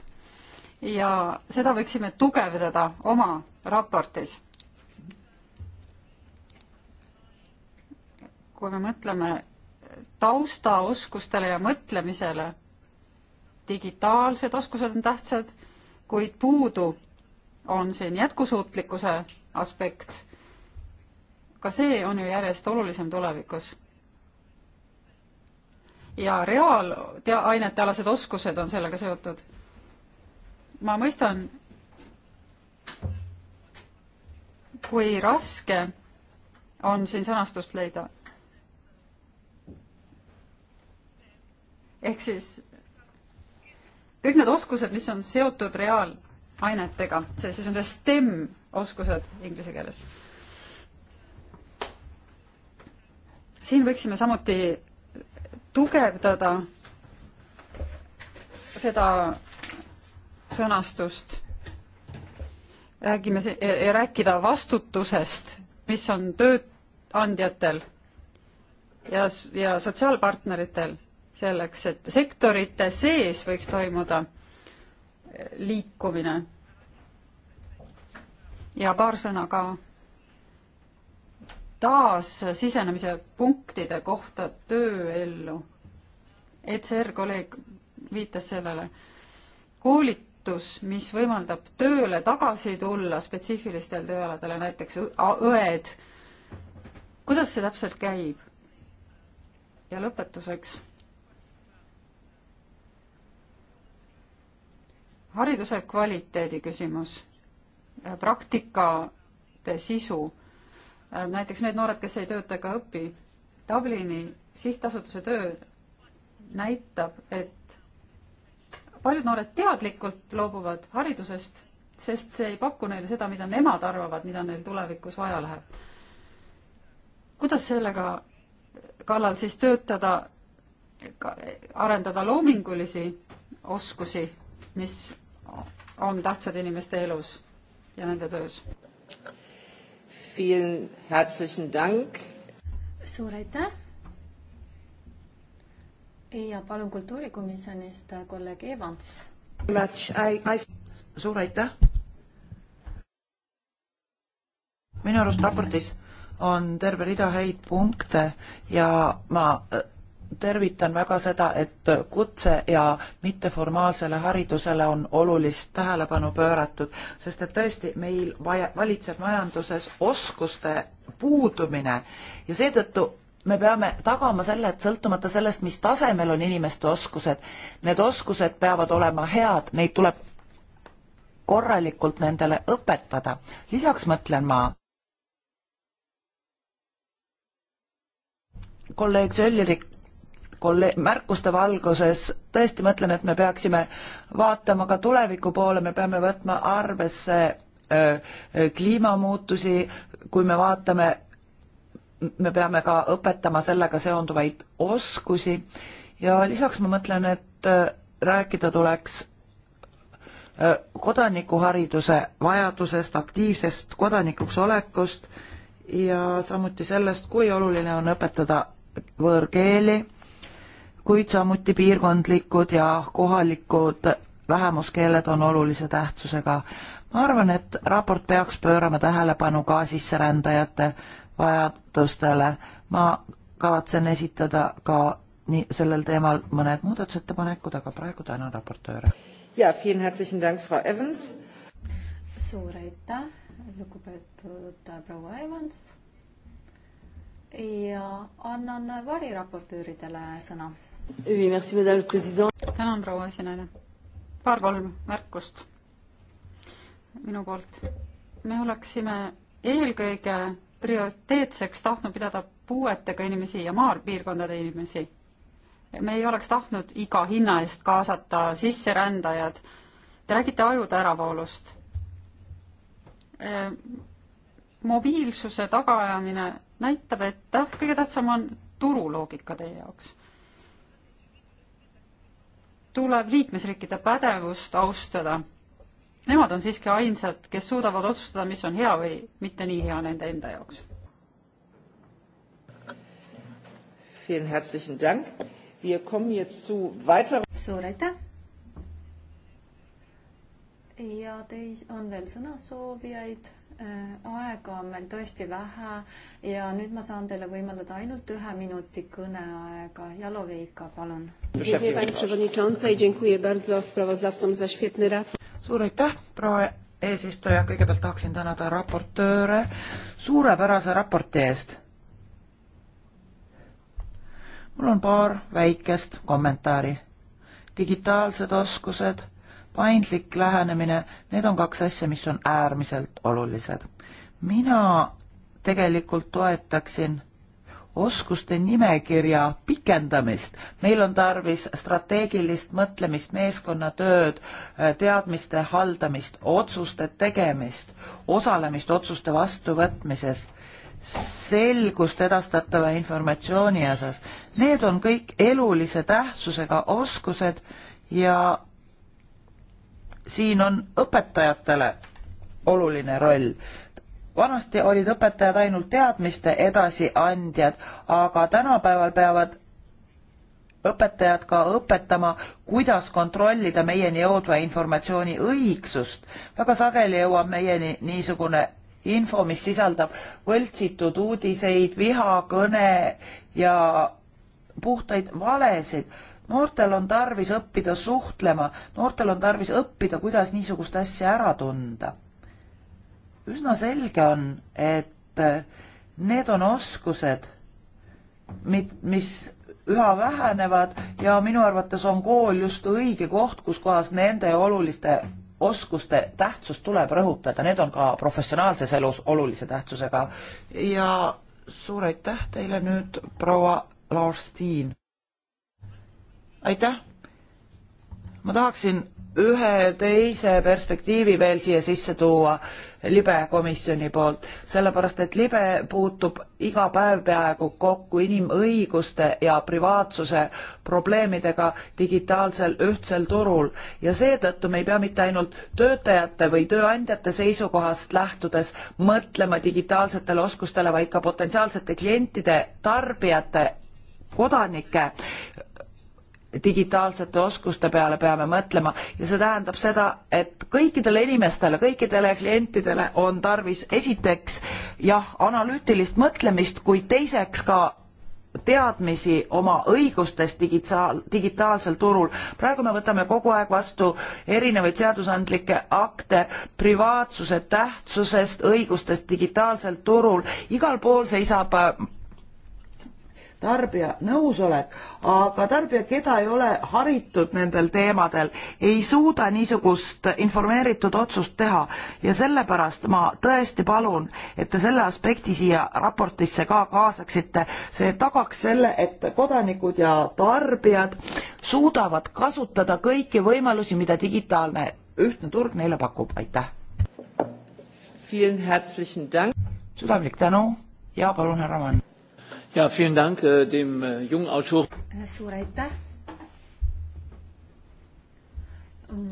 ja seda võiksime tugevdada oma raportis. kui me mõtleme taustaoskustele ja mõtlemisele. digitaalsed oskused on tähtsad, kuid puudu on siin jätkusuutlikkuse aspekt. ka see on ju järjest olulisem tulevikus. ja reaalainete alased oskused on sellega seotud. ma mõistan, kui raske on siin sõnastust leida ehk siis kõik need oskused, mis on seotud reaalainetega, see siis on see STEM oskused inglise keeles. siin võiksime samuti tugevdada seda sõnastust, räägime, rääkida vastutusest, mis on tööandjatel ja, ja sotsiaalpartneritel selleks, et sektorite sees võiks toimuda liikumine. ja paar sõna ka taas sisenemise punktide kohta tööellu. ECR kolleeg viitas sellele. koolitus, mis võimaldab tööle tagasi tulla spetsiifilistel tööaladel, näiteks õed. kuidas see täpselt käib? ja lõpetuseks hariduse kvaliteedi küsimus, äh, praktikate sisu, äh, näiteks need noored, kes ei tööta ega õpi. Dublini sihtasutuse töö näitab, et paljud noored teadlikult loobuvad haridusest, sest see ei paku neile seda, mida nemad arvavad, mida neil tulevikus vaja läheb. kuidas sellega kallal siis töötada, arendada loomingulisi oskusi, mis on tähtsad inimeste elus ja nende töös. suur aitäh. ja palun kultuurikomisjonist äh, kolleeg Evans. suur aitäh. minu arust raportis on terve rida häid punkte ja ma äh, tervitan väga seda, et kutse ja mitteformaalsele haridusele on olulist tähelepanu pööratud, sest et tõesti meil vaja, valitseb majanduses oskuste puudumine ja seetõttu me peame tagama selle, et sõltumata sellest, mis tasemel on inimeste oskused, need oskused peavad olema head, neid tuleb korralikult nendele õpetada. lisaks mõtlen ma kolleeg Söllirik kolle-, märkuste valguses tõesti mõtlen, et me peaksime vaatama ka tuleviku poole, me peame võtma arvesse kliimamuutusi, kui me vaatame, me peame ka õpetama sellega seonduvaid oskusi ja lisaks ma mõtlen, et rääkida tuleks kodanikuhariduse vajadusest, aktiivsest kodanikuks olekust ja samuti sellest, kui oluline on õpetada võõrkeeli kuid samuti piirkondlikud ja kohalikud vähemuskeeled on olulise tähtsusega. ma arvan, et raport peaks pöörama tähelepanu ka sisserändajate vajadustele. ma kavatsen esitada ka nii sellel teemal mõned muudatusettepanekud, aga praegu tänan raportööre. ja, suur aitäh, lugupeetud proua Evans. ja annan variraportööridele sõna tänan, proua esinaine. paar-kolm märkust minu poolt. me oleksime eelkõige prioriteetseks tahtnud pidada puuetega inimesi ja maapiirkondade inimesi. me ei oleks tahtnud iga hinna eest kaasata sisserändajad. Te räägite ajude äravoolust. E, mobiilsuse tagaajamine näitab, et kõige tähtsam on turuloogika teie jaoks tuleb liikmesriikide pädevust austada. Nemad on siiski ainsad, kes suudavad otsustada, mis on hea või mitte nii hea nende enda jaoks. suur aitäh! ja teis on veel sõnasoovijaid Äh, aega on meil tõesti vähe ja nüüd ma saan teile võimaldada ainult ühe minuti kõneaega. Jaloveika, palun. suur aitäh, proua eesistuja, kõigepealt tahaksin tänada raportööre suurepärase raporti eest. mul on paar väikest kommentaari. digitaalsed oskused paindlik lähenemine, need on kaks asja, mis on äärmiselt olulised. mina tegelikult toetaksin oskuste nimekirja pikendamist. meil on tarvis strateegilist mõtlemist, meeskonnatööd, eh, teadmiste haldamist, otsuste tegemist, osalemist otsuste vastuvõtmises, selgust edastatava informatsiooni osas. Need on kõik elulise tähtsusega oskused ja siin on õpetajatele oluline roll. vanasti olid õpetajad ainult teadmiste edasiandjad, aga tänapäeval peavad õpetajad ka õpetama, kuidas kontrollida meieni jõudva informatsiooni õigsust. väga sageli jõuab meieni niisugune info, mis sisaldab võltsitud uudiseid, vihakõne ja puhtaid valesid noortel on tarvis õppida suhtlema, noortel on tarvis õppida, kuidas niisugust asja ära tunda. üsna selge on, et eh, need on oskused, mis üha vähenevad ja minu arvates on kool just õige koht, kus kohas nende oluliste oskuste tähtsust tuleb rõhutada, need on ka professionaalses elus olulise tähtsusega. ja suur aitäh teile nüüd, proua Lars Tiin! aitäh. ma tahaksin ühe teise perspektiivi veel siia sisse tuua libe komisjoni poolt, sellepärast et libe puutub iga päev peaaegu kokku inimõiguste ja privaatsuse probleemidega digitaalsel ühtsel turul ja seetõttu me ei pea mitte ainult töötajate või tööandjate seisukohast lähtudes mõtlema digitaalsetele oskustele, vaid ka potentsiaalsete klientide, tarbijate, kodanike digitaalsete oskuste peale peame mõtlema ja see tähendab seda, et kõikidele inimestele, kõikidele klientidele on tarvis esiteks jah, analüütilist mõtlemist, kuid teiseks ka teadmisi oma õigustest digitaal, digitaalsel turul. praegu me võtame kogu aeg vastu erinevaid seadusandlikke akte privaatsuse tähtsusest, õigustest digitaalsel turul, igal pool seisab äh, tarbija nõusolek, aga tarbija, keda ei ole haritud nendel teemadel, ei suuda niisugust informeeritud otsust teha ja sellepärast ma tõesti palun, et te selle aspekti siia raportisse ka kaasaksite. see tagaks selle, et kodanikud ja tarbijad suudavad kasutada kõiki võimalusi, mida digitaalne ühtne turg neile pakub, aitäh! südamlik tänu ja palun, härra Mann! ja vielen Dank äh, dem äh, jungen Autor. suur aitäh.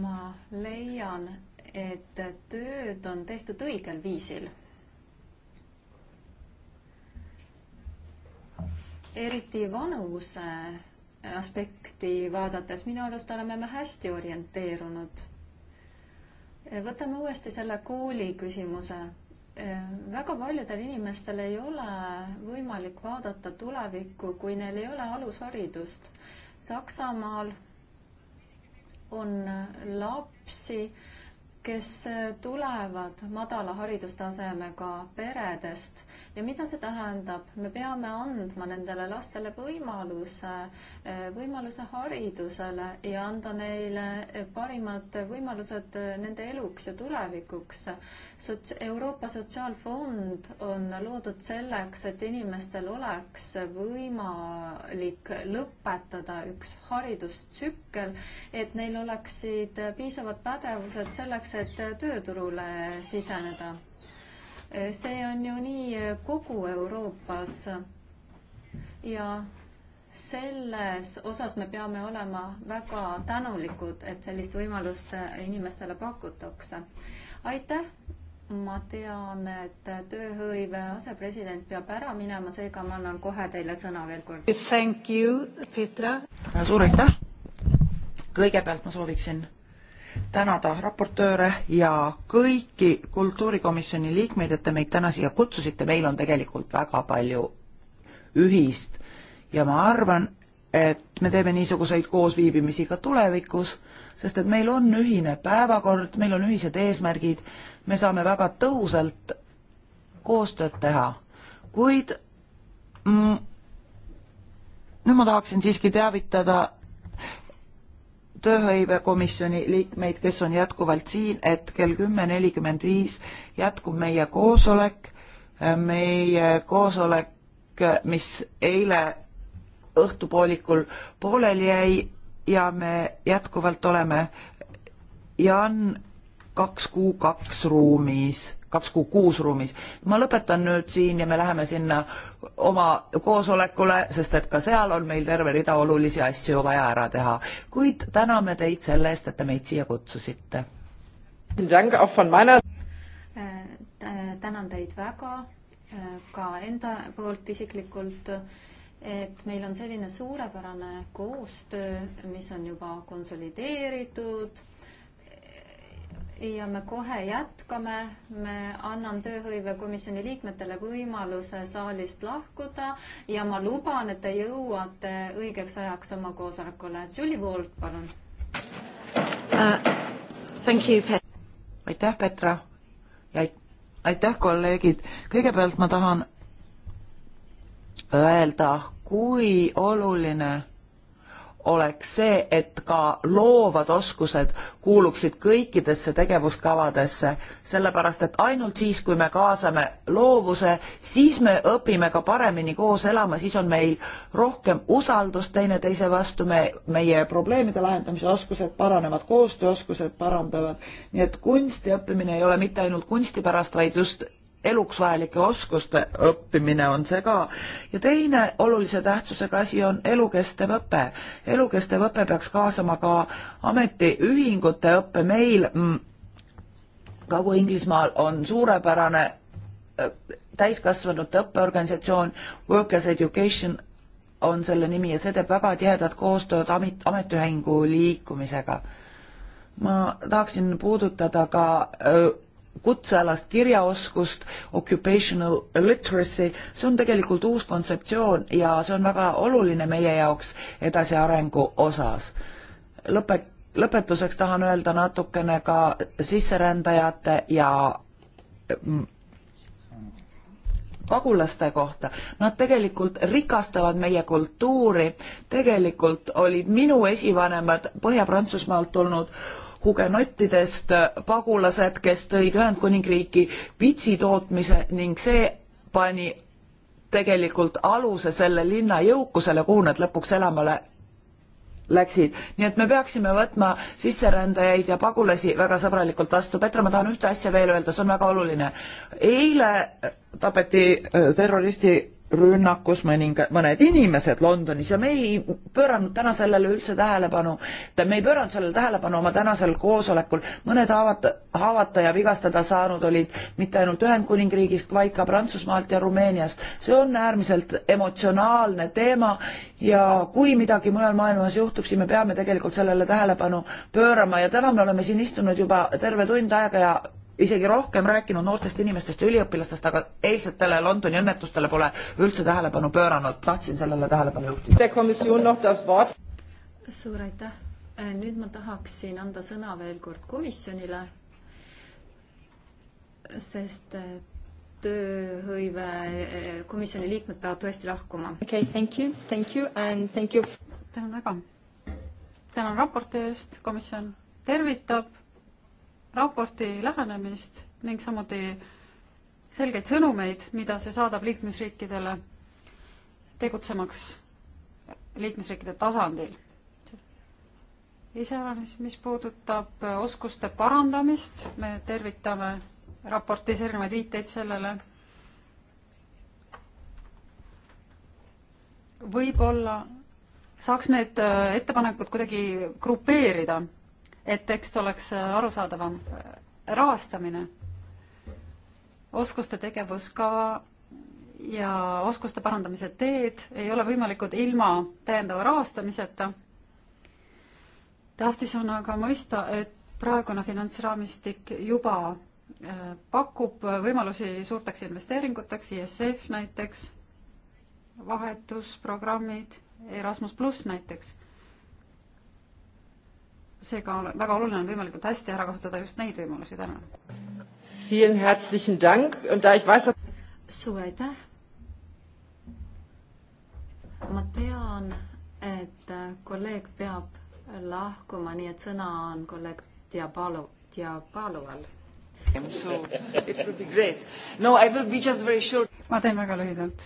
ma leian, et tööd on tehtud õigel viisil. eriti vanuse aspekti vaadates minu arust oleme me hästi orienteerunud. võtame uuesti selle kooli küsimuse väga paljudel inimestel ei ole võimalik vaadata tulevikku, kui neil ei ole alusharidust. Saksamaal on lapsi, kes äh, tulevad madala haridustasemega peredest ja mida see tähendab, me peame andma nendele lastele võimaluse, äh, võimaluse haridusele ja anda neile äh, parimad võimalused nende eluks ja tulevikuks. Sots-, Euroopa Sotsiaalfond on loodud selleks, et inimestel oleks võimalik lõpetada üks haridustsükkel, et neil oleksid piisavad pädevused selleks, selleks, et tööturule siseneda. see on ju nii kogu Euroopas ja selles osas me peame olema väga tänulikud, et sellist võimalust inimestele pakutakse. aitäh, ma tean, et tööhõive asepresident peab ära minema, seega ma annan kohe teile sõna veel kord. Thank you, Petra. suur aitäh. kõigepealt ma sooviksin tänada raportööre ja kõiki kultuurikomisjoni liikmeid, et te meid täna siia kutsusite, meil on tegelikult väga palju ühist ja ma arvan, et me teeme niisuguseid koosviibimisi ka tulevikus, sest et meil on ühine päevakord, meil on ühised eesmärgid, me saame väga tõhusalt koostööd teha, kuid mm, nüüd ma tahaksin siiski teavitada tööhõivekomisjoni liikmeid, kes on jätkuvalt siin, et kell kümme nelikümmend viis jätkub meie koosolek, meie koosolek, mis eile õhtupoolikul pooleli jäi ja me jätkuvalt oleme Jan kaks kuu kaks ruumis kaks kuu kuus ruumis. ma lõpetan nüüd siin ja me läheme sinna oma koosolekule, sest et ka seal on meil terve rida olulisi asju vaja ära teha. kuid täname teid selle eest, et te meid siia kutsusite. Äh, tänan teid väga äh, ka enda poolt isiklikult et meil on selline suurepärane koostöö, mis on juba konsolideeritud ja me kohe jätkame. me annan tööhõivekomisjoni liikmetele võimaluse saalist lahkuda ja ma luban, et te jõuate õigeks ajaks oma koosolekule. Julie Ward, palun uh,. aitäh, Petra ja aitäh, kolleegid. kõigepealt ma tahan öelda, kui oluline oleks see, et ka loovad oskused kuuluksid kõikidesse tegevuskavadesse, sellepärast et ainult siis, kui me kaasame loovuse, siis me õpime ka paremini koos elama, siis on meil rohkem usaldust teineteise vastu, me, meie probleemide lahendamise oskused paranevad, koostööoskused parandavad, nii et kunsti õppimine ei ole mitte ainult kunsti pärast, vaid just eluks vajalike oskuste õppimine on see ka. ja teine olulise tähtsusega asi on elukestev õpe. elukestev õpe peaks kaasama ka ametiühingute õppe, meil mm, Kagu-Inglismaal on suurepärane äh, täiskasvanute õppeorganisatsioon Workers Education on selle nimi ja see teeb väga tihedat koostööd amet, ametiühingu liikumisega. ma tahaksin puudutada ka öö, äh, kutsealast kirjaoskust, occupational literacy, see on tegelikult uus kontseptsioon ja see on väga oluline meie jaoks edasiarengu osas. lõpe, lõpetuseks tahan öelda natukene ka sisserändajate ja mm, pagulaste kohta, nad tegelikult rikastavad meie kultuuri, tegelikult olid minu esivanemad Põhja-Prantsusmaalt tulnud hugenottidest pagulased, kes tõid Ühendkuningriiki pitsi tootmise ning see pani tegelikult aluse selle linna jõukusele, kuhu nad lõpuks elama lä läksid. nii et me peaksime võtma sisserändajaid ja pagulasi väga sõbralikult vastu. Petra, ma tahan ühte asja veel öelda, see on väga oluline. eile tapeti äh, terroristi rünnakus mõninga, mõned inimesed Londonis ja me ei pööranud täna sellele üldse tähelepanu, me ei pööranud sellele tähelepanu oma tänasel koosolekul, mõned haavata, haavata ja vigastada saanud olid mitte ainult Ühendkuningriigist, vaid ka Prantsusmaalt ja Rumeeniast. see on äärmiselt emotsionaalne teema ja kui midagi mujal maailmas juhtub, siis me peame tegelikult sellele tähelepanu pöörama ja täna me oleme siin istunud juba terve tund aega ja isegi rohkem rääkinud noortest inimestest ja üliõpilastest, aga eilsetele Londoni õnnetustele pole üldse tähelepanu pööranud, tahtsin sellele tähelepanu juhtida. suur aitäh, äh, nüüd ma tahaksin anda sõna veel kord komisjonile, sest äh, tööhõive äh, komisjoni liikmed peavad tõesti lahkuma. okei okay,, thank you, thank you and thank you. tänan väga. tänan raporti eest, komisjon tervitab raporti lähenemist ning samuti selgeid sõnumeid, mida see saadab liikmesriikidele, tegutsemaks liikmesriikide tasandil. iseäranis, mis puudutab oskuste parandamist, me tervitame raportis erinevaid viiteid sellele. võib-olla saaks need ettepanekud kuidagi grupeerida et tekst oleks äh, arusaadavam. rahastamine, oskuste tegevuskava ja oskuste parandamise teed ei ole võimalikud ilma täiendava rahastamiseta. tähtis on aga mõista, et praegune finantsraamistik juba äh, pakub võimalusi suurteks investeeringuteks, ISF näiteks, vahetusprogrammid, Erasmus pluss näiteks seega on väga oluline on võimalikult hästi ära kasutada just neid võimalusi, tänan. suur aitäh. ma tean, et kolleeg peab lahkuma, nii et sõna on kolleeg Diabalo, Diabaloval. So it would be great. No I will be just very short. ma teen väga lühidalt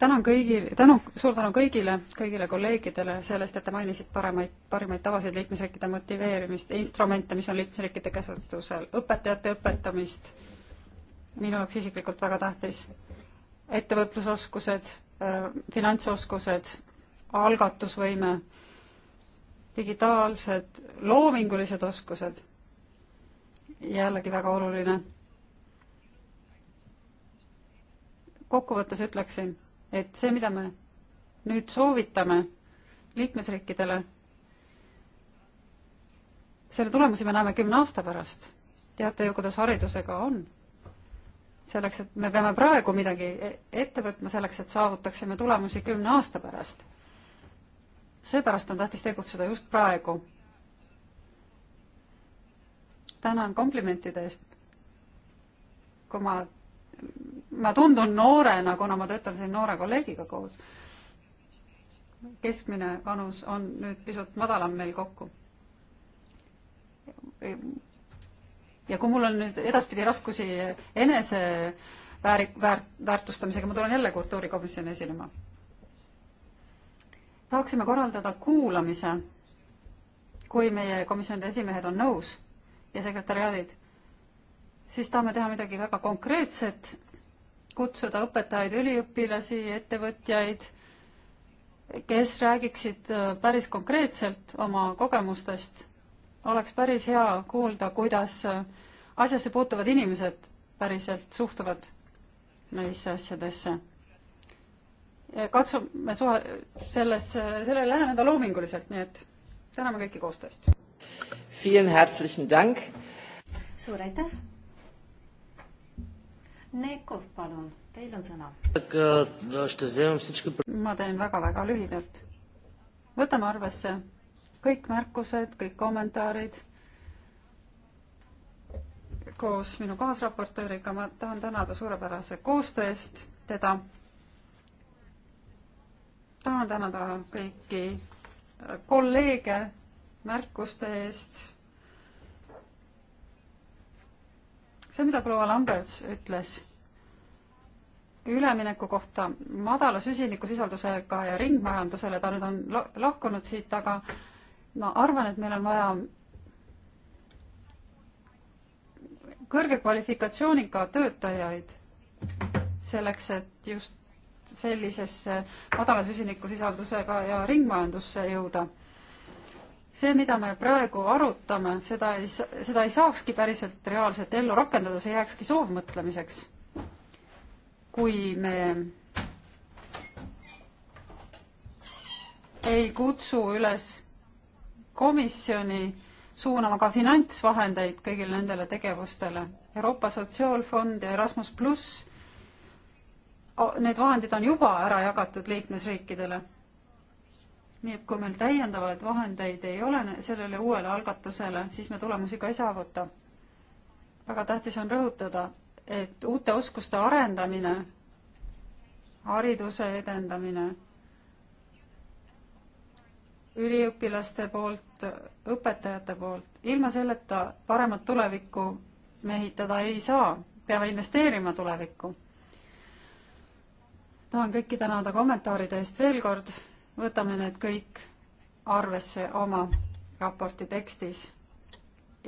tänan kõigi, tänu, suur tänu kõigile, kõigile kolleegidele sellest, et te mainisid paremaid, parimaid tavasid liikmesriikide motiveerimist, instrumente, mis on liikmesriikide käsutusel, õpetajate õpetamist, minu jaoks isiklikult väga tähtis, ettevõtlusoskused, äh, finantsoskused, algatusvõime, digitaalsed, loomingulised oskused, jällegi väga oluline kokkuvõttes ütleksin, et see, mida me nüüd soovitame liikmesriikidele, selle tulemusi me näeme kümne aasta pärast. teate ju, kuidas haridusega on. selleks, et me peame praegu midagi e-, ette võtma selleks, et saavutaksime tulemusi kümne aasta pärast. seepärast on tähtis tegutseda just praegu. tänan komplimentide eest. kui ma ma tundun noorena, kuna ma töötan siin noore kolleegiga koos. keskmine vanus on nüüd pisut madalam meil kokku. ja kui mul on nüüd edaspidi raskusi enese väärik-, väärt-, väärtustamisega, ma tulen jälle kultuurikomisjoni esinema. tahaksime korraldada kuulamise, kui meie komisjonide esimehed on nõus ja sekretäriaadid, siis tahame teha midagi väga konkreetset kutsuda õpetajaid, üliõpilasi, ettevõtjaid, kes räägiksid äh, päris konkreetselt oma kogemustest. oleks päris hea kuulda, kuidas äh, asjasse puutuvad inimesed päriselt suhtuvad neisse asjadesse. katsume suhe, selles, sellele läheneda loominguliselt, nii et täname kõiki koostööst. suur aitäh! Nekov, palun, teil on sõna. Eh, ma teen väga-väga lühidalt. võtame arvesse kõik märkused, kõik kommentaarid. koos minu kaasraportööriga ma tahan tänada suurepärase koostöö eest teda. tahan tänada kõiki kolleege märkuste eest see, mida proua Lamberts ütles ülemineku kohta madala süsinikusisaldusega ja ringmajandusele, ta nüüd on lahkunud siit, aga ma arvan, et meil on vaja kõrge kvalifikatsiooniga töötajaid selleks, et just sellisesse madala süsinikusisaldusega ja ringmajandusse jõuda see, mida me praegu arutame, seda ei, seda ei saakski päriselt reaalselt ellu rakendada, see jääkski soovmõtlemiseks. kui me ei kutsu üles komisjoni suunama ka finantsvahendeid kõigile nendele tegevustele. Euroopa Sotsiaalfond ja Erasmus pluss, need vahendid on juba ära jagatud liikmesriikidele nii et kui meil täiendavaid vahendeid ei ole sellele uuele algatusele, siis me tulemusi ka ei saavuta. väga tähtis on rõhutada, et uute oskuste arendamine, hariduse edendamine, üliõpilaste poolt, õpetajate poolt, ilma selleta paremat tulevikku me ehitada ei saa, peame investeerima tulevikku. tahan kõiki tänada kommentaaride eest veel kord võtame need kõik arvesse oma raporti tekstis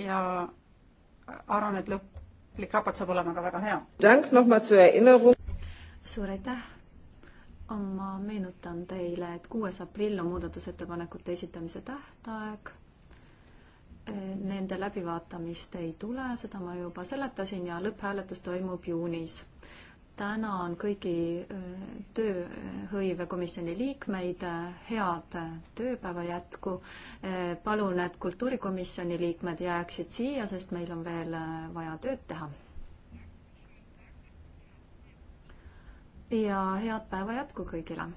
ja arvan, et lõplik raport saab olema ka väga hea. suur aitäh! ma meenutan teile, et kuues aprill on muudatusettepanekute esitamise tähtaeg e, nende läbivaatamist ei tule, seda ma juba seletasin ja lõpphääletus toimub juunis tänan kõigi tööhõivekomisjoni liikmeid, head tööpäeva jätku. palun, et kultuurikomisjoni liikmed jääksid siia, sest meil on veel vaja tööd teha. ja head päeva jätku kõigile